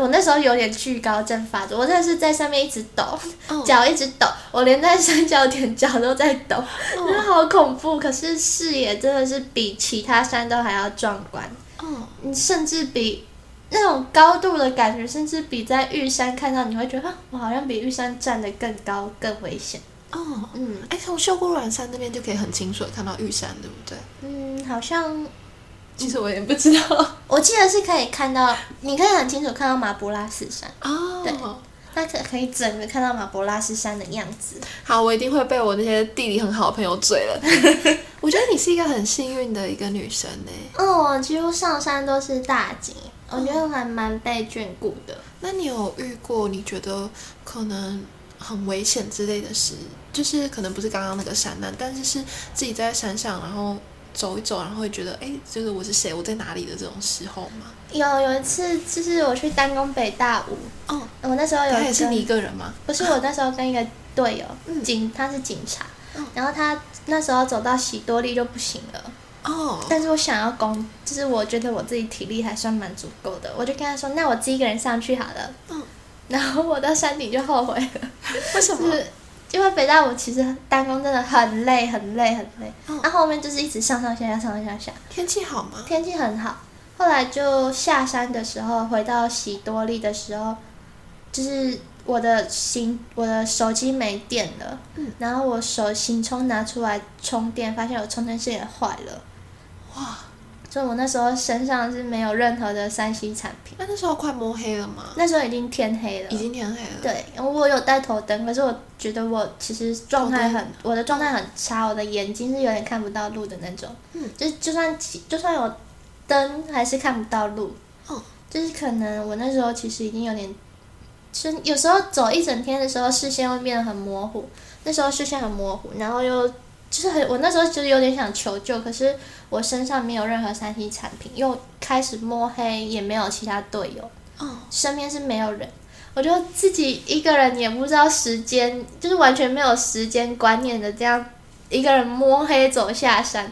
我那時候有點懼高症發作，我真的是在上面一直抖，腳、oh. 一直抖，我連在三角點腳都在抖，我覺得好恐怖。Oh. 可是視野真的是比其他山都還要壯觀，oh. 嗯，甚至比那種高度的感覺，甚至比在玉山看到你會覺得，啊、我好像比玉山站得更高，更危險。哦、oh.，嗯，誒、哎，從秀姑巒山那邊就可以很清楚看到玉山，對不對？嗯，好像。其實我也不知道、嗯，我記得是可以看到，你可以很清楚看到馬博拉斯山哦，對，那可可以整個看到馬博拉斯山的樣子。好，我一定會被我那些地理很好的朋友醉了。 我覺得你是一個很幸運的一個女生呢、欸。嗯、哦，我幾乎上山都是大吉，我覺得還蠻被眷顧的、哦。那你有遇過你覺得可能很危險之類的事？就是可能不是剛剛那個山難，但是是自己在山上，然後。走一走，然後會覺得，哎，就是我是誰，我在哪裡的這種時候嘛。有有一次，就是我去單攻北大武，哦、oh,。我那時候有。也是你一個人嗎？不是，oh. 我那時候跟一個隊友，嗯、警，他是警察。嗯、oh.。然後他那時候走到喜多利就不行了。哦、oh.。但是我想要攻，就是我覺得我自己體力還算蠻足夠的，我就跟他說，那我自己一個人上去好了。嗯、oh.。然後我到山頂就後悔了。為什麼？因為北大武其實單攻真的很累，很累，很累。那、哦、後、後面就是一直上上下下，上上下下。天氣好嗎？天氣很好。後來就下山的時候，回到喜多利的時候，就是我的行，我的手機沒電了。嗯、然後我手行充拿出來充電，發現我充電線也壞了。哇！所以，我那時候身上是沒有任何的三 C 產品。那、啊、那時候快摸黑了嗎？那時候已經天黑了，已經天黑了。對，我有帶頭燈，可是我覺得我其實狀態很、哦，我的狀態很差、哦，我的眼睛是有點看不到路的那種。嗯，就就算就算有燈，還是看不到路。哦、嗯，就是可能我那時候其實已經有點，是有時候走一整天的時候，視線會變得很模糊。那時候視線很模糊，然後又。就是很，我那時候就是有點想求救，可是我身上沒有任何三 C 產品，又開始摸黑，也沒有其他隊友，oh. 身邊是沒有人，我就自己一個人，也不知道時間，就是完全沒有時間觀念的這樣一個人摸黑走下山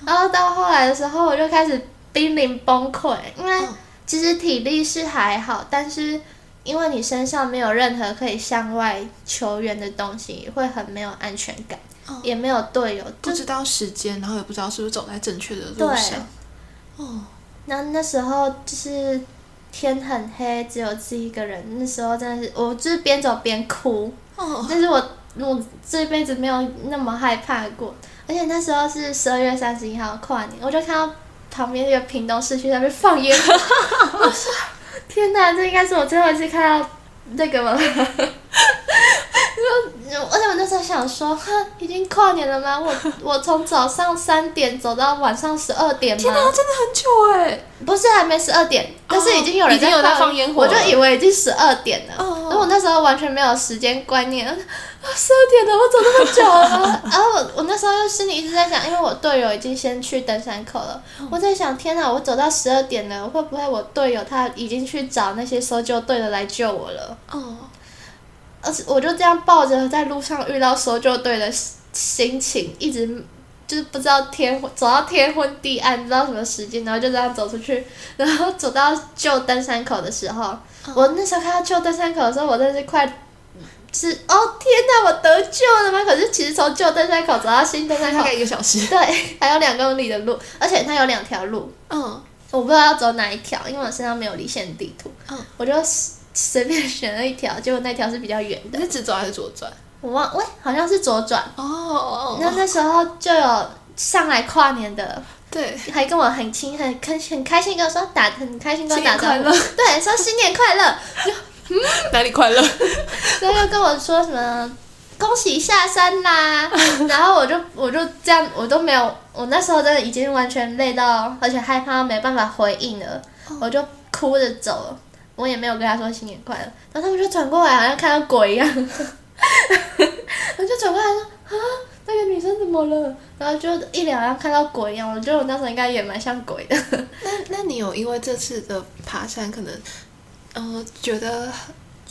，oh. 然後到後來的時候，我就開始瀕臨崩潰，因為其實體力是還好，但是因為你身上沒有任何可以向外求援的東西，會很沒有安全感。也沒有隊友，不知道時間，然後也不知道是不是走在正確的路上。對，哦，那、oh. 那時候就是天很黑，只有自己一個人。那時候真的是，我就是邊走邊哭。哦、oh.，但是我我這輩子沒有那麼害怕過。而且那時候是十二月三十一號跨年，我就看到旁邊那個屏東市區那邊放煙花。 我說：“天哪，這應該是我最後一次看到。”那、這個嗎？因為而且我那時候想說，哈，已經跨年了嗎？我我從早上三點走到晚上十二點嗎，天哪、啊，真的很久哎！不是還沒十二點，但是已經有人在放煙、哦、火了，我就以為已經十二點了。然後、哦、我那時候完全沒有時間觀念了。十二點了，我走那麼久了，然 後、啊、我，我那時候心裡一直在想，因為我隊友已經先去登山口了，我在想，天哪，我走到十二點了，會不會我隊友他已經去找那些搜救隊的來救我了？哦，而且我就這樣抱着在路上遇到搜救隊的心情，一直就是不知道天走到天昏地暗，不知道什麼時間，然後就這樣走出去，然後走到舊登山口的時候，哦、我那時候看到舊登山口的時候，我真的是快。是哦，天哪，我得救了嗎？可是其實從舊登山口走到新登山口大概一個小時，對，還有兩公里的路，而且它有兩條路，嗯，我不知道要走哪一條，因為我身上沒有離線的地圖，嗯，我就隨便選了一條，結果那條是比較遠的。一直走還是左轉？我忘喂，好像是左轉哦。哦，那那時候就有上來跨年的，對，還跟我很親很開，很開心，跟我說打，很開心跟我打招呼，對，說新年快樂。 就哪裡快樂？他 就跟我說什麼恭喜下山啦，然後我就我就這樣，我都沒有，我那時候真的已經完全累到，而且害怕沒辦法回應了，oh. 我就哭着走了，我也沒有跟他說新年快樂。然後他們就轉過來，好像看到鬼一樣，我 就轉過來說啊，那個女生怎麼了？然後就一臉好像看到鬼一樣，我覺得我那時候應該也蠻像鬼的。那那你有因為這次的爬山可能？嗯、呃，覺得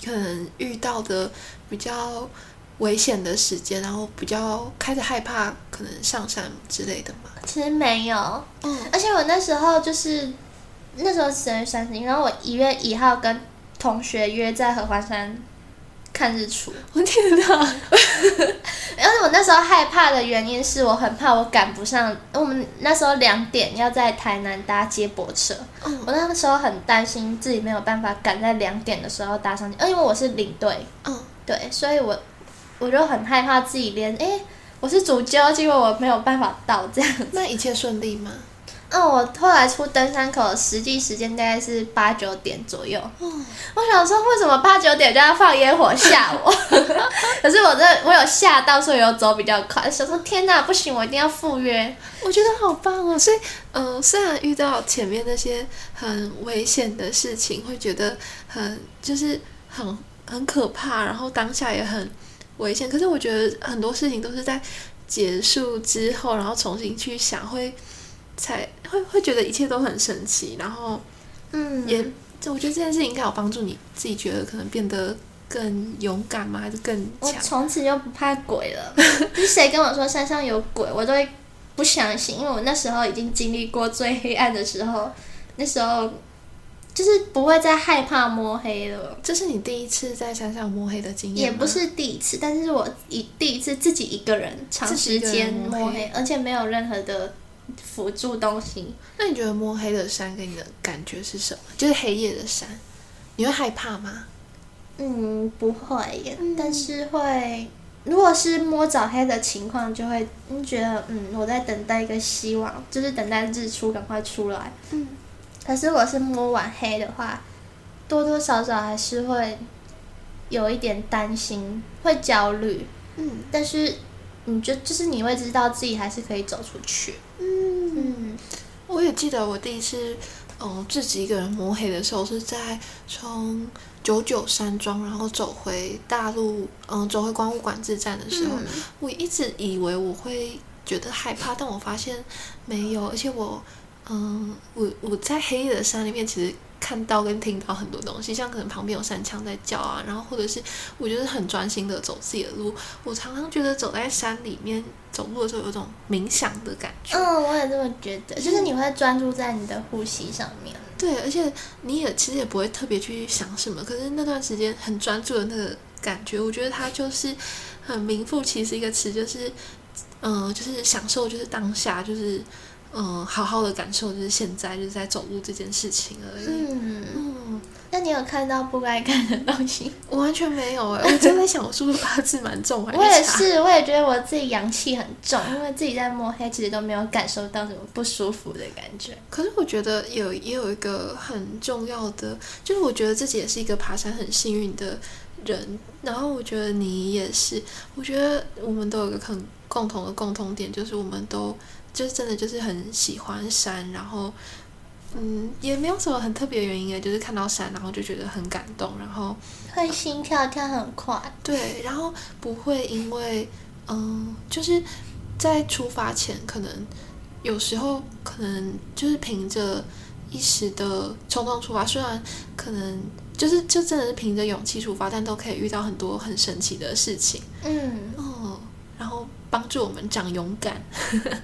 可能遇到的比較危險的時間，然後比較開始害怕，可能上山之類的嘛？其實沒有，嗯，而且我那時候就是那時候十月三十一，然後我一月一號跟同學約在合歡山。看日出，我天哪。而是我那時候害怕的原因是我很怕我趕不上。我們那時候兩點要在台南搭接駁車，我那個時候很擔心自己沒有辦法趕在兩點的時候搭上去。因為我是領隊、嗯，對，所以我我就很害怕自己連哎、欸，我是主教，結果我沒有辦法到這樣。那一切順利嗎？嗯、哦，我後來出登山口，實際時間大概是八九點左右。哦、我想說，為什麼八九點就要放煙火嚇我？ 可是我這我有嚇到，所以我走比較快。想說，天哪，不行，我一定要赴約。我覺得好棒哦。所以，嗯、呃，雖然遇到前面那些很危險的事情，會覺得很就是很很可怕，然後當下也很危險。可是我覺得很多事情都是在結束之後，然後重新去想會。才會會覺得一切都很神奇，然後，嗯，也，就我覺得這件事情應該有幫助你自己，覺得可能變得更勇敢嗎？還是更強？我從此就不怕鬼了。 你誰跟我說山上有鬼，我都會不相信，因為我那時候已經經歷過最黑暗的時候，那時候就是不會再害怕摸黑了。這是你第一次在山上摸黑的經驗，也不是第一次，但是我一第一次自己一個人長時間摸黑，摸黑而且沒有任何的。輔助東西。那你覺得摸黑的山給你的感覺是什麼？就是黑夜的山，你會害怕嗎？嗯，不會耶，嗯，但是會。如果是摸早黑的情況，就會你覺得嗯，我在等待一個希望，就是等待日出趕快出來。嗯。可是我是摸晚黑的話，多多少少還是會有一點擔心，會焦慮。嗯。但是，你覺得就是你會知道自己還是可以走出去。我記得我第一次，嗯，自己一個人摸黑的時候，是在從九九山莊然後走回大陸，嗯，走回觀霧管制站的時候，嗯，我一直以為我會覺得害怕，但我發現沒有，而且我，嗯，我我在黑夜的山裡面，其實。看到跟聽到很多東西，像可能旁邊有山羌在叫啊，然後或者是我就是很專心的走自己的路。我常常覺得走在山裡面走路的時候，有種冥想的感覺。嗯、哦，我也這麼覺得、就是，就是你會專注在你的呼吸上面。對，而且你也其實也不會特別去想什麼。可是那段時間很專注的那個感覺，我覺得它就是很名副其實一個詞，就是嗯、呃，就是享受，就是當下，就是。嗯，好好的感受就是現在就是在走路這件事情而已。嗯，嗯，那你有看到不該看的東西？我完全沒有、欸 我，我正在想我是不是八字蠻重，還是……我也是，是，我也覺得我自己陽氣很重，因為自己在摸黑，其實都沒有感受到什麼不舒服的感覺。可是我覺得有也有一個很重要的，就是我覺得自己也是一個爬山很幸運的人，然後我覺得你也是，我覺得我們都有一個很共同的共同點，就是我們都。就是真的，就是很喜歡山，然後，嗯，也沒有什麼很特別的原因，就是看到山，然後就覺得很感動，然後，會心跳跳很快、呃，對，然後不會因為，嗯、呃，就是在出發前，可能有時候可能就是憑着一時的衝動出發，雖然可能就是就真的是憑着勇氣出發，但都可以遇到很多很神奇的事情，嗯哦、呃，然後幫助我們長勇敢。呵呵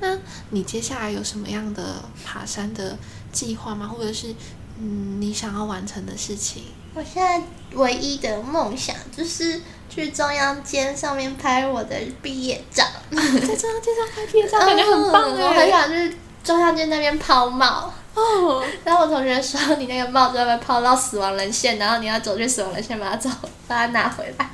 那你接下來有什麼樣的爬山的計劃嗎？或者是，嗯，你想要完成的事情？我現在唯一的夢想就是去中央尖上面拍我的畢業照， 在中央尖上拍畢業照感覺很棒哎、欸嗯，我很想去中央尖那邊拋帽。哦，然後我同學說你那個帽子要不要拋到死亡稜線，然後你要走去死亡稜線把它走，把它拿回來。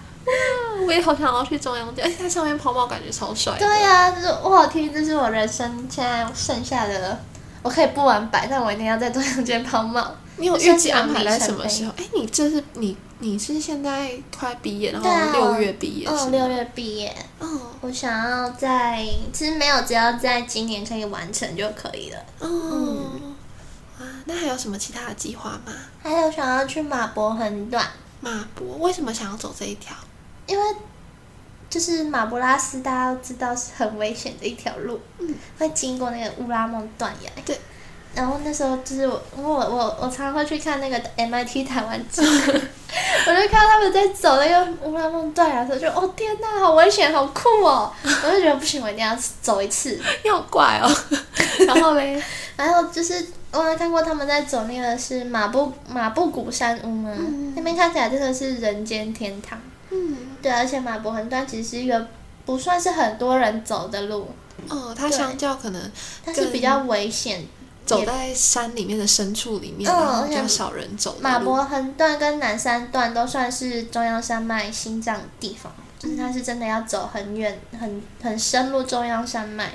我也好想要去中央尖，且、欸、在上面拋帽感覺超帥。對呀、啊，就是我好聽，這是我人生現在剩下的，我可以不完百，但我一定要在中央尖拋帽。你有預計安排在什麼時候？哎，你這是你你是現在快畢業，然後六月畢業、啊，哦，六月畢業。哦，我想要在其實沒有，只要在今年可以完成就可以了。哦、嗯，那還有什麼其他的計劃嗎？還有想要去馬博橫斷。馬博為什麼想要走這一條？因為就是馬博拉斯，大家都知道是很危險的一條路，嗯、會經過那個烏拉孟斷崖。對，然後那時候就是我，我，我，我常常會去看那個 MIT 台灣誌， 我就看到他們在走那個烏拉孟斷崖的時候，就哦天吶，好危險，好酷哦！我就覺得不行，我一定要走一次，又 好怪哦。然後嘞， 然後就是我還看過他們在走那個是馬布馬布谷山屋嘛，嗯嗯，那邊看起來真的是人間天堂。嗯，對，而且馬博橫斷其實是一個不算是很多人走的路，哦，它相較可能，但是比較危險，走在山裡面的深處裡面，嗯、然後比較少人走的。馬博橫斷跟南三段都算是中央山脈心臟地方，嗯、就是它是真的要走很遠、很很深入中央山脈了，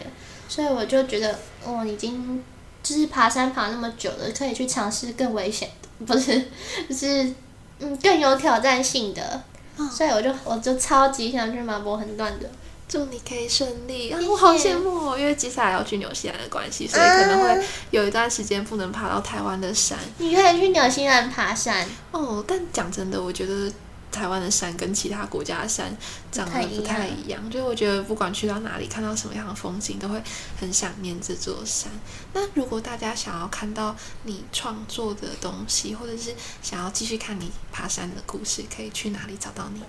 所以我就覺得，我、哦、已經就是爬山爬那麼久了，可以去嘗試更危險的，不是，就是嗯更有挑戰性的。 所以我就我就超級想去馬博橫斷的。祝你可以順利。啊，我好羨慕哦， 因為接下來要去紐西蘭的關係，所以可能會有一段時間不能爬到台灣的山。你可以去紐西蘭爬山。 哦，但講真的，我覺得。台灣的山跟其他國家的山長得不太一樣，所以我覺得不管去到哪裡，看到什麼樣的風景，都會很想念這座山。那如果大家想要看到你創作的東西，或者是想要繼續看你爬山的故事，可以去哪裡找到你嗎？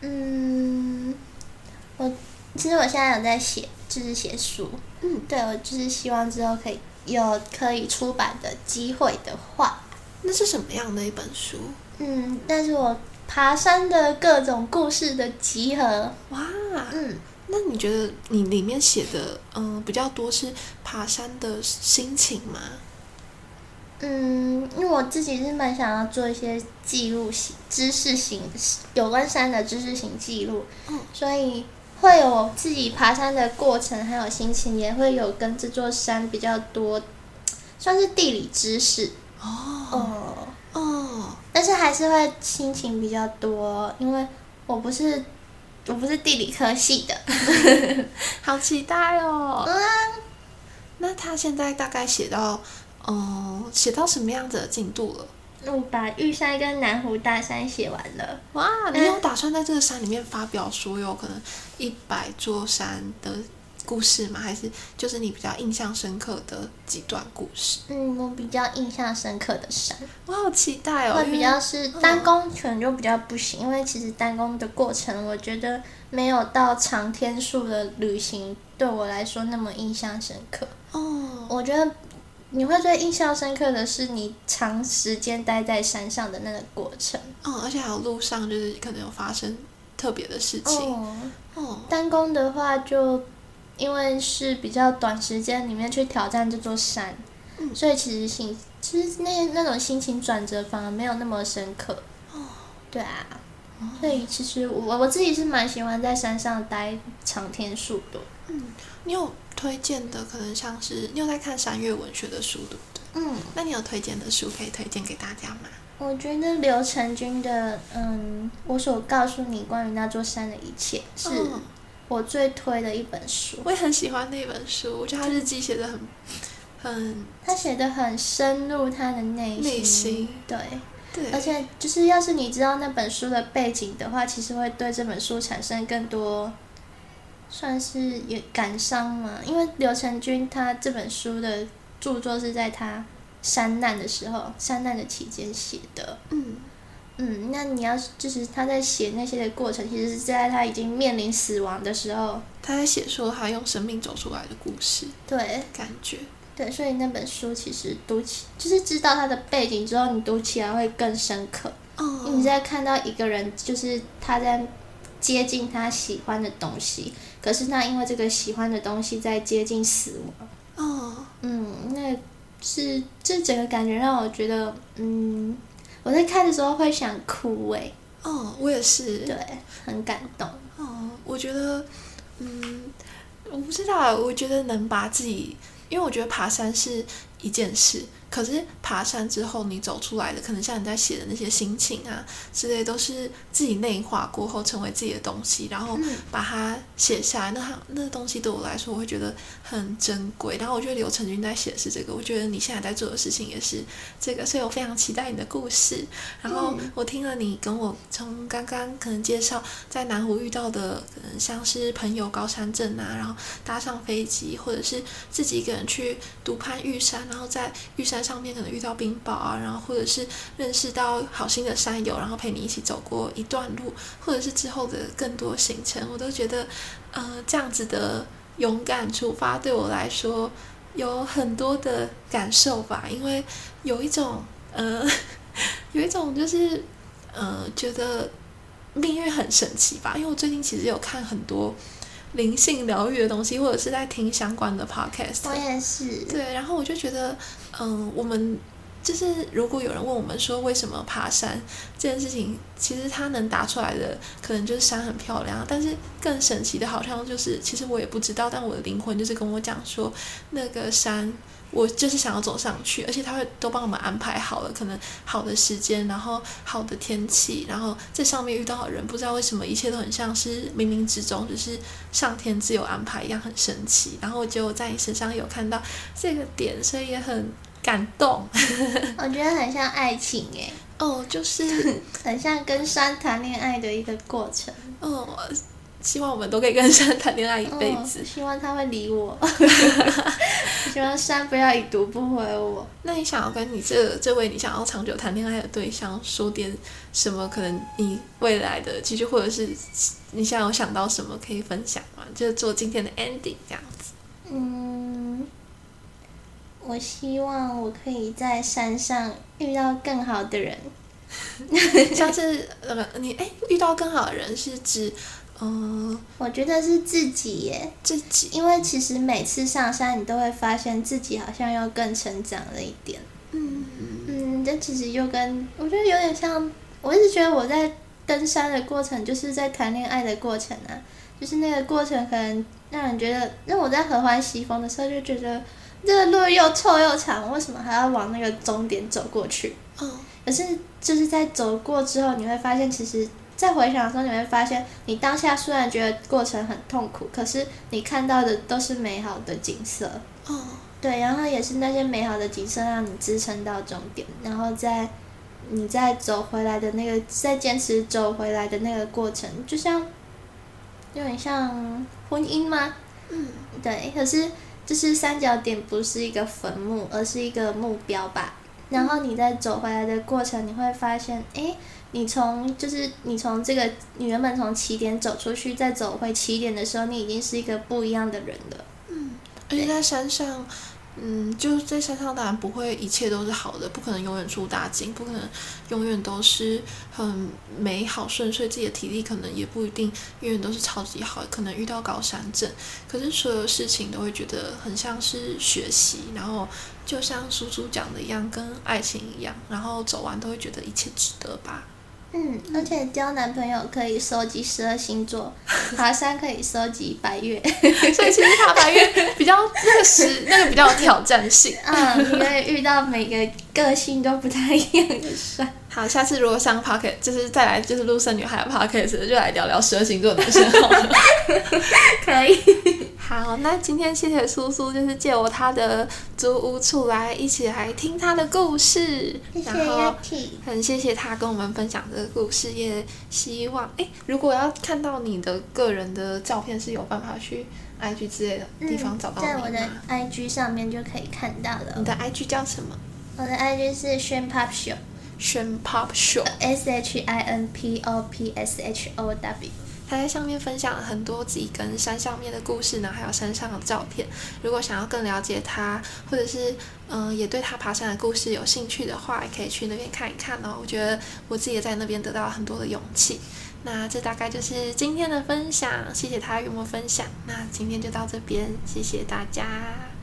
嗯，我其實我現在有在寫，就是寫書。嗯，對，我就是希望之後可以有可以出版的機會的話，那是什麼樣的一本書？嗯，但是我。爬山的各種故事的集合，哇，嗯，那你覺得你裡面寫的，嗯，比較多是爬山的心情嗎？嗯，因為我自己是蠻想要做一些記錄型、知識型有關山的知識型記錄，嗯，所以會有自己爬山的過程，還有心情，也會有跟這座山比較多，算是地理知識哦。呃哦、嗯，但是還是會心情比較多，因為我不是，我不是地理科系的， 好期待哦。嗯，那他現在大概寫到，哦、嗯，寫到什麼樣子的進度了？那、嗯、我把玉山跟南湖大山寫完了。哇，嗯、你有打算在這個山裡面發表所有可能一百座山的故事嗎？還是就是你比較印象深刻的幾段故事？嗯，我比較印象深刻的山，我好期待哦。會比較是單攻可能就比較不行，嗯、因為其實單攻的過程，我覺得沒有到長天數的旅行對我來說那麼印象深刻哦。我覺得你會最印象深刻的是你長時間待在山上的那個過程哦、嗯，而且還有路上就是可能有發生特別的事情哦，哦。單攻的話就。因為是比較短時間裡面去挑戰這座山，嗯、所以其實心其實那那種心情轉折反而沒有那麼深刻。哦，對啊，嗯、所以其實我我自己是蠻喜歡在山上待長天數的。嗯，你有推薦的可能像是、嗯、你有在看山岳文學的書對不對？嗯，那你有推薦的書可以推薦給大家嗎？我覺得劉成軍的《嗯，我所告訴你關於那座山的一切》是。嗯我最推的一本書，我也很喜歡那本書。我覺得他日記寫的很，很，他寫的很深入他的內心，心，對，對。而且，就是要是你知道那本書的背景的話，其實會對這本書產生更多，算是有感傷嘛。因為劉成君他這本書的著作是在他山難的時候，山難的期間寫的，嗯。嗯，那你要就是他在寫那些的過程，其實是在他已經面臨死亡的時候，他在寫說他用生命走出來的故事。對，感覺對，所以那本書其實讀起就是知道他的背景之後，你讀起來會更深刻。哦，你在看到一個人，就是他在接近他喜歡的東西，可是他因為這個喜歡的東西在接近死亡。哦，嗯，那是這整個感覺讓我覺得，嗯。我在看的時候會想哭誒，哦，我也是，對，很感動。哦，我覺得，嗯，我不知道，我覺得能把自己，因為我覺得爬山是一件事。可是爬山之後，你走出來的可能像你在寫的那些心情啊之類，都是自己內化過後成為自己的東西，然後把它寫下來。那他那東西對我來說，我會覺得很珍貴。然後我覺得劉成軍在寫的是這個，我覺得你現在在做的事情也是這個，所以我非常期待你的故事。然後我聽了你跟我從剛剛可能介紹在南湖遇到的可能像是朋友高山症啊，然後搭上飛機，或者是自己一個人去獨攀玉山，然後在玉山上面可能遇到冰雹啊，然後或者是認識到好心的山友，然後陪你一起走過一段路，或者是之後的更多行程，我都覺得，呃，這樣子的勇敢出發對我來說有很多的感受吧。因為有一種，呃，有一種就是，呃，覺得命運很神奇吧。因為我最近其實有看很多靈性療癒的東西，或者是在聽相關的 podcast。我也是，對，然後我就覺得。嗯，我們就是如果有人問我們說為什麼爬山這件事情，其實他能答出來的可能就是山很漂亮。但是更神奇的，好像就是其實我也不知道，但我的靈魂就是跟我講說，那個山我就是想要走上去，而且他會都幫我們安排好了，可能好的時間，然後好的天氣，然後在上面遇到的人，不知道為什麼一切都很像是冥冥之中就是上天自有安排一樣，很神奇。然後我就在你身上有看到這個點，所以也很。感動， 我覺得很像愛情誒哦，就是很像跟山談戀愛的一個過程。哦、oh，希望我們都可以跟山談戀愛一輩子，oh。希望他會理我。 希望山不要已讀不回我。那你想要跟你這這位你想要長久談戀愛的對象說點什麼？可能你未來的繼續，其實或者是你現在有想到什麼可以分享嗎？就是做今天的 ending 這樣子。嗯。我希望我可以在山上遇到更好的人， 像是呃，你哎、欸，遇到更好的人是指，呃，我覺得是自己耶，自己，因為其實每次上山，你都會發現自己好像又更成長了一點。嗯嗯嗯，這其實又跟我覺得有點像，我一直覺得我在登山的過程就是在談戀愛的過程啊，就是那個過程可能讓人覺得，那我在合歡西峰的時候就覺得。這個路又臭又長，為什麼還要往那個終點走過去？哦、oh.，可是就是在走過之後，你會發現，其實在回想的時候，你會發現，你當下雖然覺得過程很痛苦，可是你看到的都是美好的景色。哦、oh.，對，然後也是那些美好的景色讓你支撐到終點，然後在你再走回來的那個，再堅持走回來的那個過程，就像就很像婚姻嗎？嗯、mm.，對。可是。就是三角點不是一個墳墓，而是一個目標吧。然後你在走回來的過程，你會發現，哎、嗯欸，你從就是你從這個你原本從起點走出去，再走回起點的時候，你已經是一個不一樣的人了。嗯，而且在想想嗯，就是在山上當然不會，一切都是好的，不可能永遠出大景，不可能永遠都是很美好順遂，自己的體力可能也不一定永遠都是超級好，可能遇到高山症。可是所有事情都會覺得很像是學習，然後就像酥酥講的一樣，跟愛情一樣，然後走完都會覺得一切值得吧。嗯，而且交男朋友可以收集十二星座， 爬山可以收集百岳， 所以其實爬百岳比較那個時， 那個比較有挑戰性。嗯，因為遇到每個個性都不太一樣的事 好，下次如果上 pocket，就是再來就是陸生女孩 pocket，就來聊聊十二星座的男生好了， 可以。好，那今天謝謝蘇蘇，就是借我他的租屋出來，一起來聽他的故事。謝謝。然後很謝謝他跟我們分享這個故事，也希望哎，如果要看到你的個人的照片，是有辦法去 IG 之類的地方找到你嗎？嗯，在我的 IG 上面就可以看到了我。你的 IG 叫什麼？我的 IG 是 Shin Pop Show。Shin Pop Show。S H I N P O P S H O W。他在上面分享了很多自己跟山上面的故事呢，還有山上的照片。如果想要更了解他，或者是嗯，呃，也對他爬山的故事有興趣的話，也可以去那邊看一看哦。我覺得我自己也在那邊得到了很多的勇氣。那這大概就是今天的分享，謝謝他與我分享。那今天就到這邊，謝謝大家。